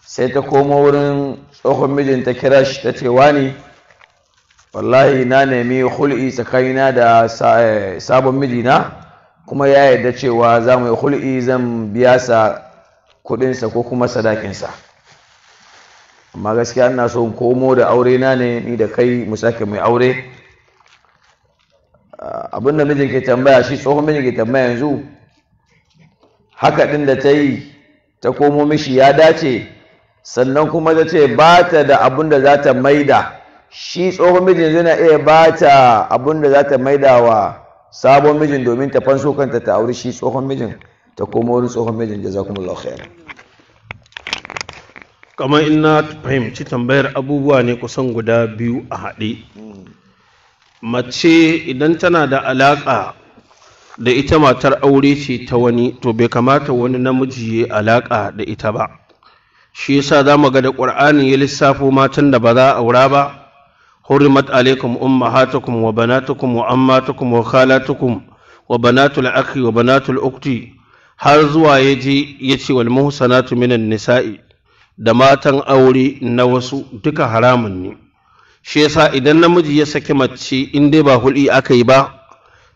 sai ta komo wurin tsohon mijinta kira shi ta ce wani wallahi na nemi hul'i tsakanina da eh, sabon mijina kuma ya yarda cewa za mu yi hul'i zan biya sa kudinsa ko kuma sadakinsa amma gaskiya ina so in komo da aure na ne ni da kai mu sake mai aure ah, abin da mijin ke tambaya shi tsohon mijin ke tambaya yanzu haka din da ta yi ta komo mishi ya dace sannan kuma ta ce ba ta da abun da za ta maida shi tsohon mijin yana iya ba ta abin da za ta maida wa sabon mijin domin ta fanso kanta ta auri shi tsohon mijin ta koma wani tsohon mijin da za kuma lafiya kamar in na fahimci tambayar abubuwa ne kusan guda biyu a haɗe mace idan tana da alaƙa da ita matar aure ce ta wani to bai kamata wani namiji ya alaƙa da ita ba shi yasa za mu ga da ƙur'ani ya lissafo matan da ba za a aura ba حرمت عليكم أمهاتكم وبناتكم وأماتكم وخالاتكم وبنات الأخ وبنات الأخت har zuwa ya je ya ce wal muhsanatu minan nisa'i da matan aure na wasu duka haramun ne shi yasa idan namiji ya saki mace in dai ba hul'i aka yi ba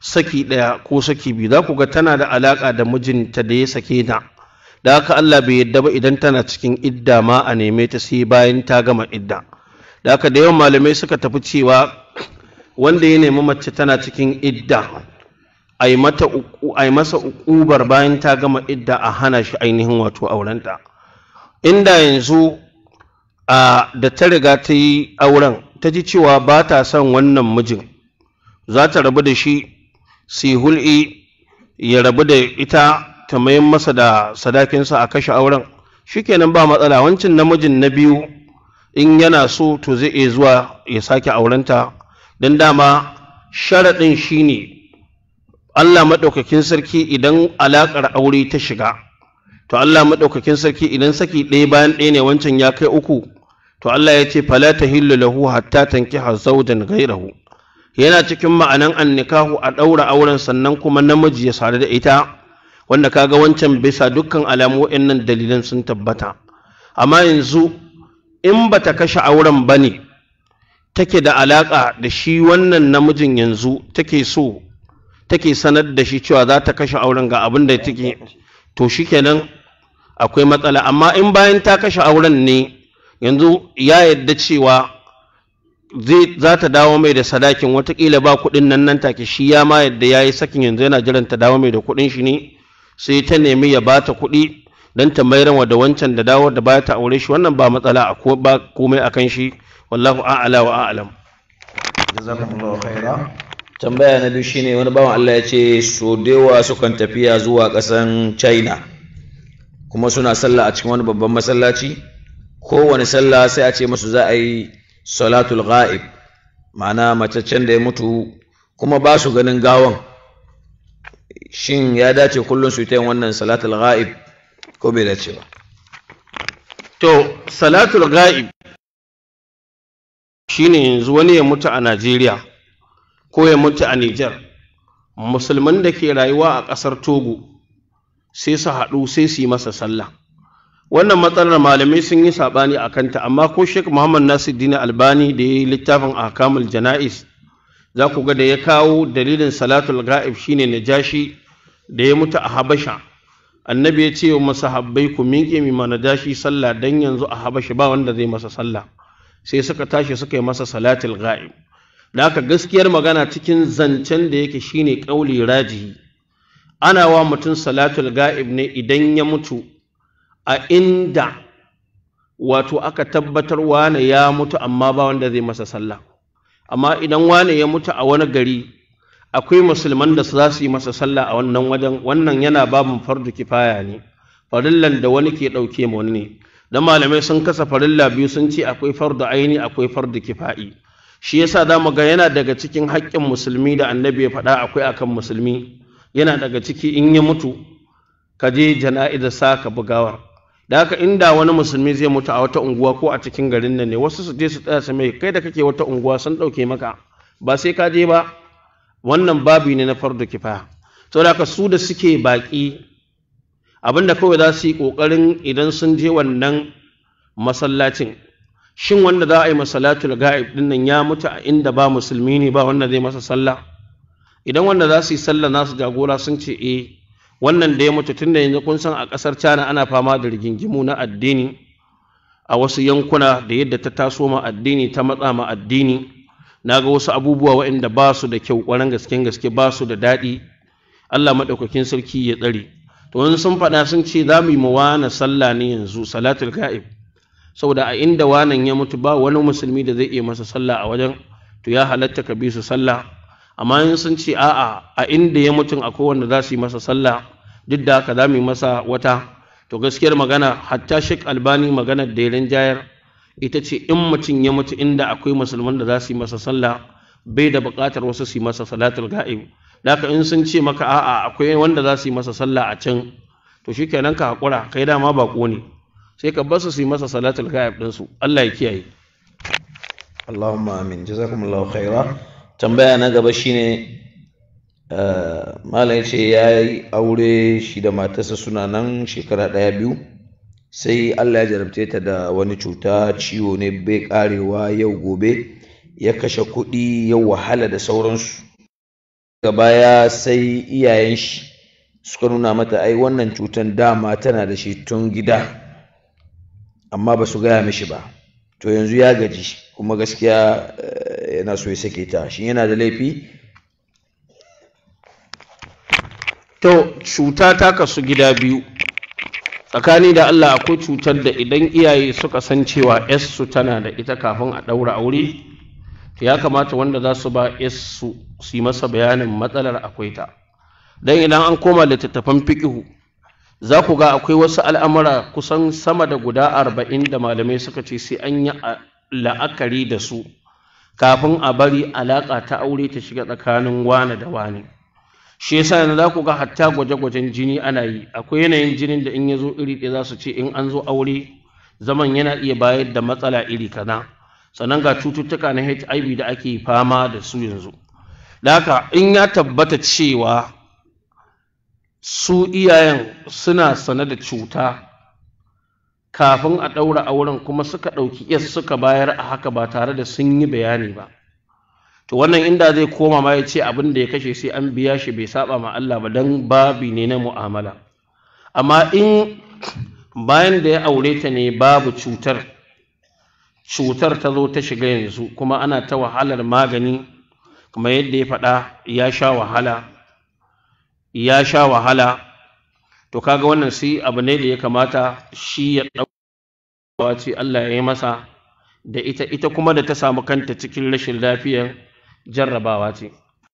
saki ɗaya ko saki biyu za ku ga tana da alaƙa da mijinta da ya sake ta da haka Allah bai yadda ba idan tana cikin idda ma a neme ta sai bayan ta gama idda da aka da yawan malamai suka tafi cewa wanda ya nemi mace tana cikin idda a yi masa ukubar bayan ta gama idda a hana shi ainihin wato aurenta inda yanzu da ta riga ta yi auren ta ji cewa ba ta son wannan mijin za ta rabu da shi si hul'i ya rabu da ita ta mayan masa da sadakinsa a kashe auren shikenan ba matsala wancin namijin na biyu in yana so to zai iya zuwa ya sake aurenta don dama sharaɗin shine Allah maɗaukakin sarki idan alaƙar aure ta shiga to Allah maɗaukakin sarki idan saki ɗaya bayan ɗaya ne wancan ya kai uku to Allah ya ce fala ta tahillu lahu hatta tankiha zawjan gairahu yana cikin ma'anan annikahu a ɗaura auren sannan kuma namiji ya sadu da ita wanda kaga wancan bisa dukkan alamu waɗannan dalilan sun tabbata amma yanzu in ba ta kashe auren ba ne take da alaƙa da shi wannan namijin yanzu take so take sanar da shi cewa za ta kashe auren ga abin da take to shi kenan akwai matsala amma in bayan ta kashe auren ne yanzu ya yadda cewa za ta dawo mai da sadakin watakila ba kuɗin nan nan take shi ya ma yadda ya yi sakin yanzu yana jiran ta dawo mai da kuɗin shi ne sai ta nemi ya ba ta kuɗi don tambayar wa da wancan da dawo da baya ta aure shi wannan ba matsala a ba komai a kan shi wallahu a'ala wa a'lam jazakumullahu khaira tambaya na biyu shine wani bawan Allah ya ce so dewa sukan tafiya zuwa kasan China kuma suna sallah a cikin wani babban masallaci kowane sallah sai a ce musu za a yi salatul ghaib ma'ana macaccen da ya mutu kuma ba su ganin gawan shin ya dace kullum su ta yin wannan salatul ghaib ko bai dace ba to salatul ga'ib shine yanzu wani ya mutu a Najeriya ko ya mutu a Nijar musulman da ke rayuwa a ƙasar Togo sai su haɗu sai su yi masa sallah wannan matsalar malamai sun yi saɓani a kanta amma ko Sheikh Muhammad Nasir Dina Albani da ya yi littafin Ahkamul Jana'is za ku ga da ya kawo dalilin salatul ga'ib shine najashi da ya mutu a Habasha annabi ya ce wa masahabbai ku minke mi mana dashi sallah dan yanzu a habashi ba wanda zai masa sallah sai suka tashi suka yi masa salatul ghaib da haka gaskiyar magana cikin zancen da yake shine kauli rajihi ana wa mutum salatul ghaib ne idan ya mutu a inda wato aka tabbatar wane ya mutu amma ba wanda zai masa sallah amma idan wane ya mutu a wani gari akwai musulman da su za su yi masa sallah a wannan wajen wannan yana babin fardu kifaya ne farillan da wani ke ɗauke ma wani ne dan malamai sun kasa farilla biyu sun ce akwai fardu aini akwai fardu kifa'i shi yasa za mu ga yana daga cikin haƙƙin musulmi da annabi ya faɗa akwai akan musulmi yana daga ciki in ya mutu ka je jana'iza sa ka bugawar. da haka inda wani musulmi zai mutu a wata unguwa ko a cikin garin nan ne wasu su je su tsaya su mai kai da kake wata unguwa sun ɗauke maka ba sai ka je ba wannan babu ne na fardu kifaya da ka su da suke baki, abinda kawai za su yi kokarin idan sun je wannan masallacin shin wanda za a yi masallatul ga'ib din nan ya mutu a inda ba musulmi ne ba wanda zai masa sallah idan wanda za su yi sallah nasu jagora sun ce eh wannan da ya mutu tunda yanzu kun san a kasar cana ana fama da rigingimu na addini a wasu yankuna da yadda ta taso ma addini ta matsa ma addini na ga wasu abubuwa waɗanda ba su da kyau ƙwarar gasken gaske ba su da daɗi Allah maɗaukakin sarki ya tsare to wani sun faɗa sun ce za mu yi mawana sallah ne yanzu salatul ga'ib saboda a inda wanan ya mutu ba wani musulmi da zai iya masa sallah a wajen to ya halatta ka bi su sallah amma in sun ce a'a a inda ya mutun akwai wanda za su yi masa sallah duk da haka za mu yi masa wata to gaskiyar magana hatta shek albani maganar da ya rinjayar ita ce in mutum ya mutu inda akwai musulman da za su yi masa sallah bai da buƙatar wasu su yi masa salatul ga'ib haka in sun ce maka a'a akwai wanda za su yi masa sallah a can to kenan ka haƙura kai dama baƙo ne sai ka basu su yi masa salatul ga'ib ɗinsu Allah ya kiyaye Allahumma amin jazakumullahu khaira tambaya na gaba shine eh, malam ya ce ya yi aure shi da matarsa suna nan shekara ɗaya biyu sai allah ya jarabce ta da wani cuta ciwo ne bai karewa yau gobe ya kashe kuɗi yau wahala da sauransu daga baya sai iyayen shi suka nuna mata ai wannan cutan dama tana da shi tun gida amma ba su gaya mishi ba to yanzu ya gaji kuma gaskiya eh, yana so ya sake ta shin yana da laifi to cuta ta kasu gida biyu tsakani da Allah akwai cutar da idan iyaye suka san cewa su tana da ita kafin a ɗaura aure to ya kamata wanda za su ba su su masa bayanin matsalar akwai ta don idan an koma littattafan fiƙihu za ku ga akwai wasu al'amura kusan sama da guda arba'in da malamai suka ce sai an yi la'akari da su kafin a bari alaƙa ta aure ta shiga tsakanin wane da wane. shi yasa yanzu za ku ga hatta gwaje-gwajen jini ana yi akwai yanayin jinin da in ya zo iri ɗaya za su ce in an zo aure zaman yana iya bayar da matsala iri kaza sannan ga cututtuka na hiv da ake fama da su yanzu haka in ya tabbata cewa su iyayen suna sane da cuta kafin a ɗaura auren kuma suka ɗauki yes suka bayar a haka ba tare da sun yi bayani ba to wannan inda zai koma ma ya ce abin da ya kashe sai an biya shi bai saba ma Allah ba dan babi ne na mu'amala amma in bayan da ya aure ta ne babu cutar cutar ta zo ta shiga yanzu kuma ana ta wahalar magani kuma yadda ya faɗa ya sha wahala ya sha wahala to kaga wannan sai abu ne da ya kamata shi ya ɗauka ce Allah ya yi masa da ita ita kuma da ta samu kanta cikin rashin lafiyar jarrabawa ce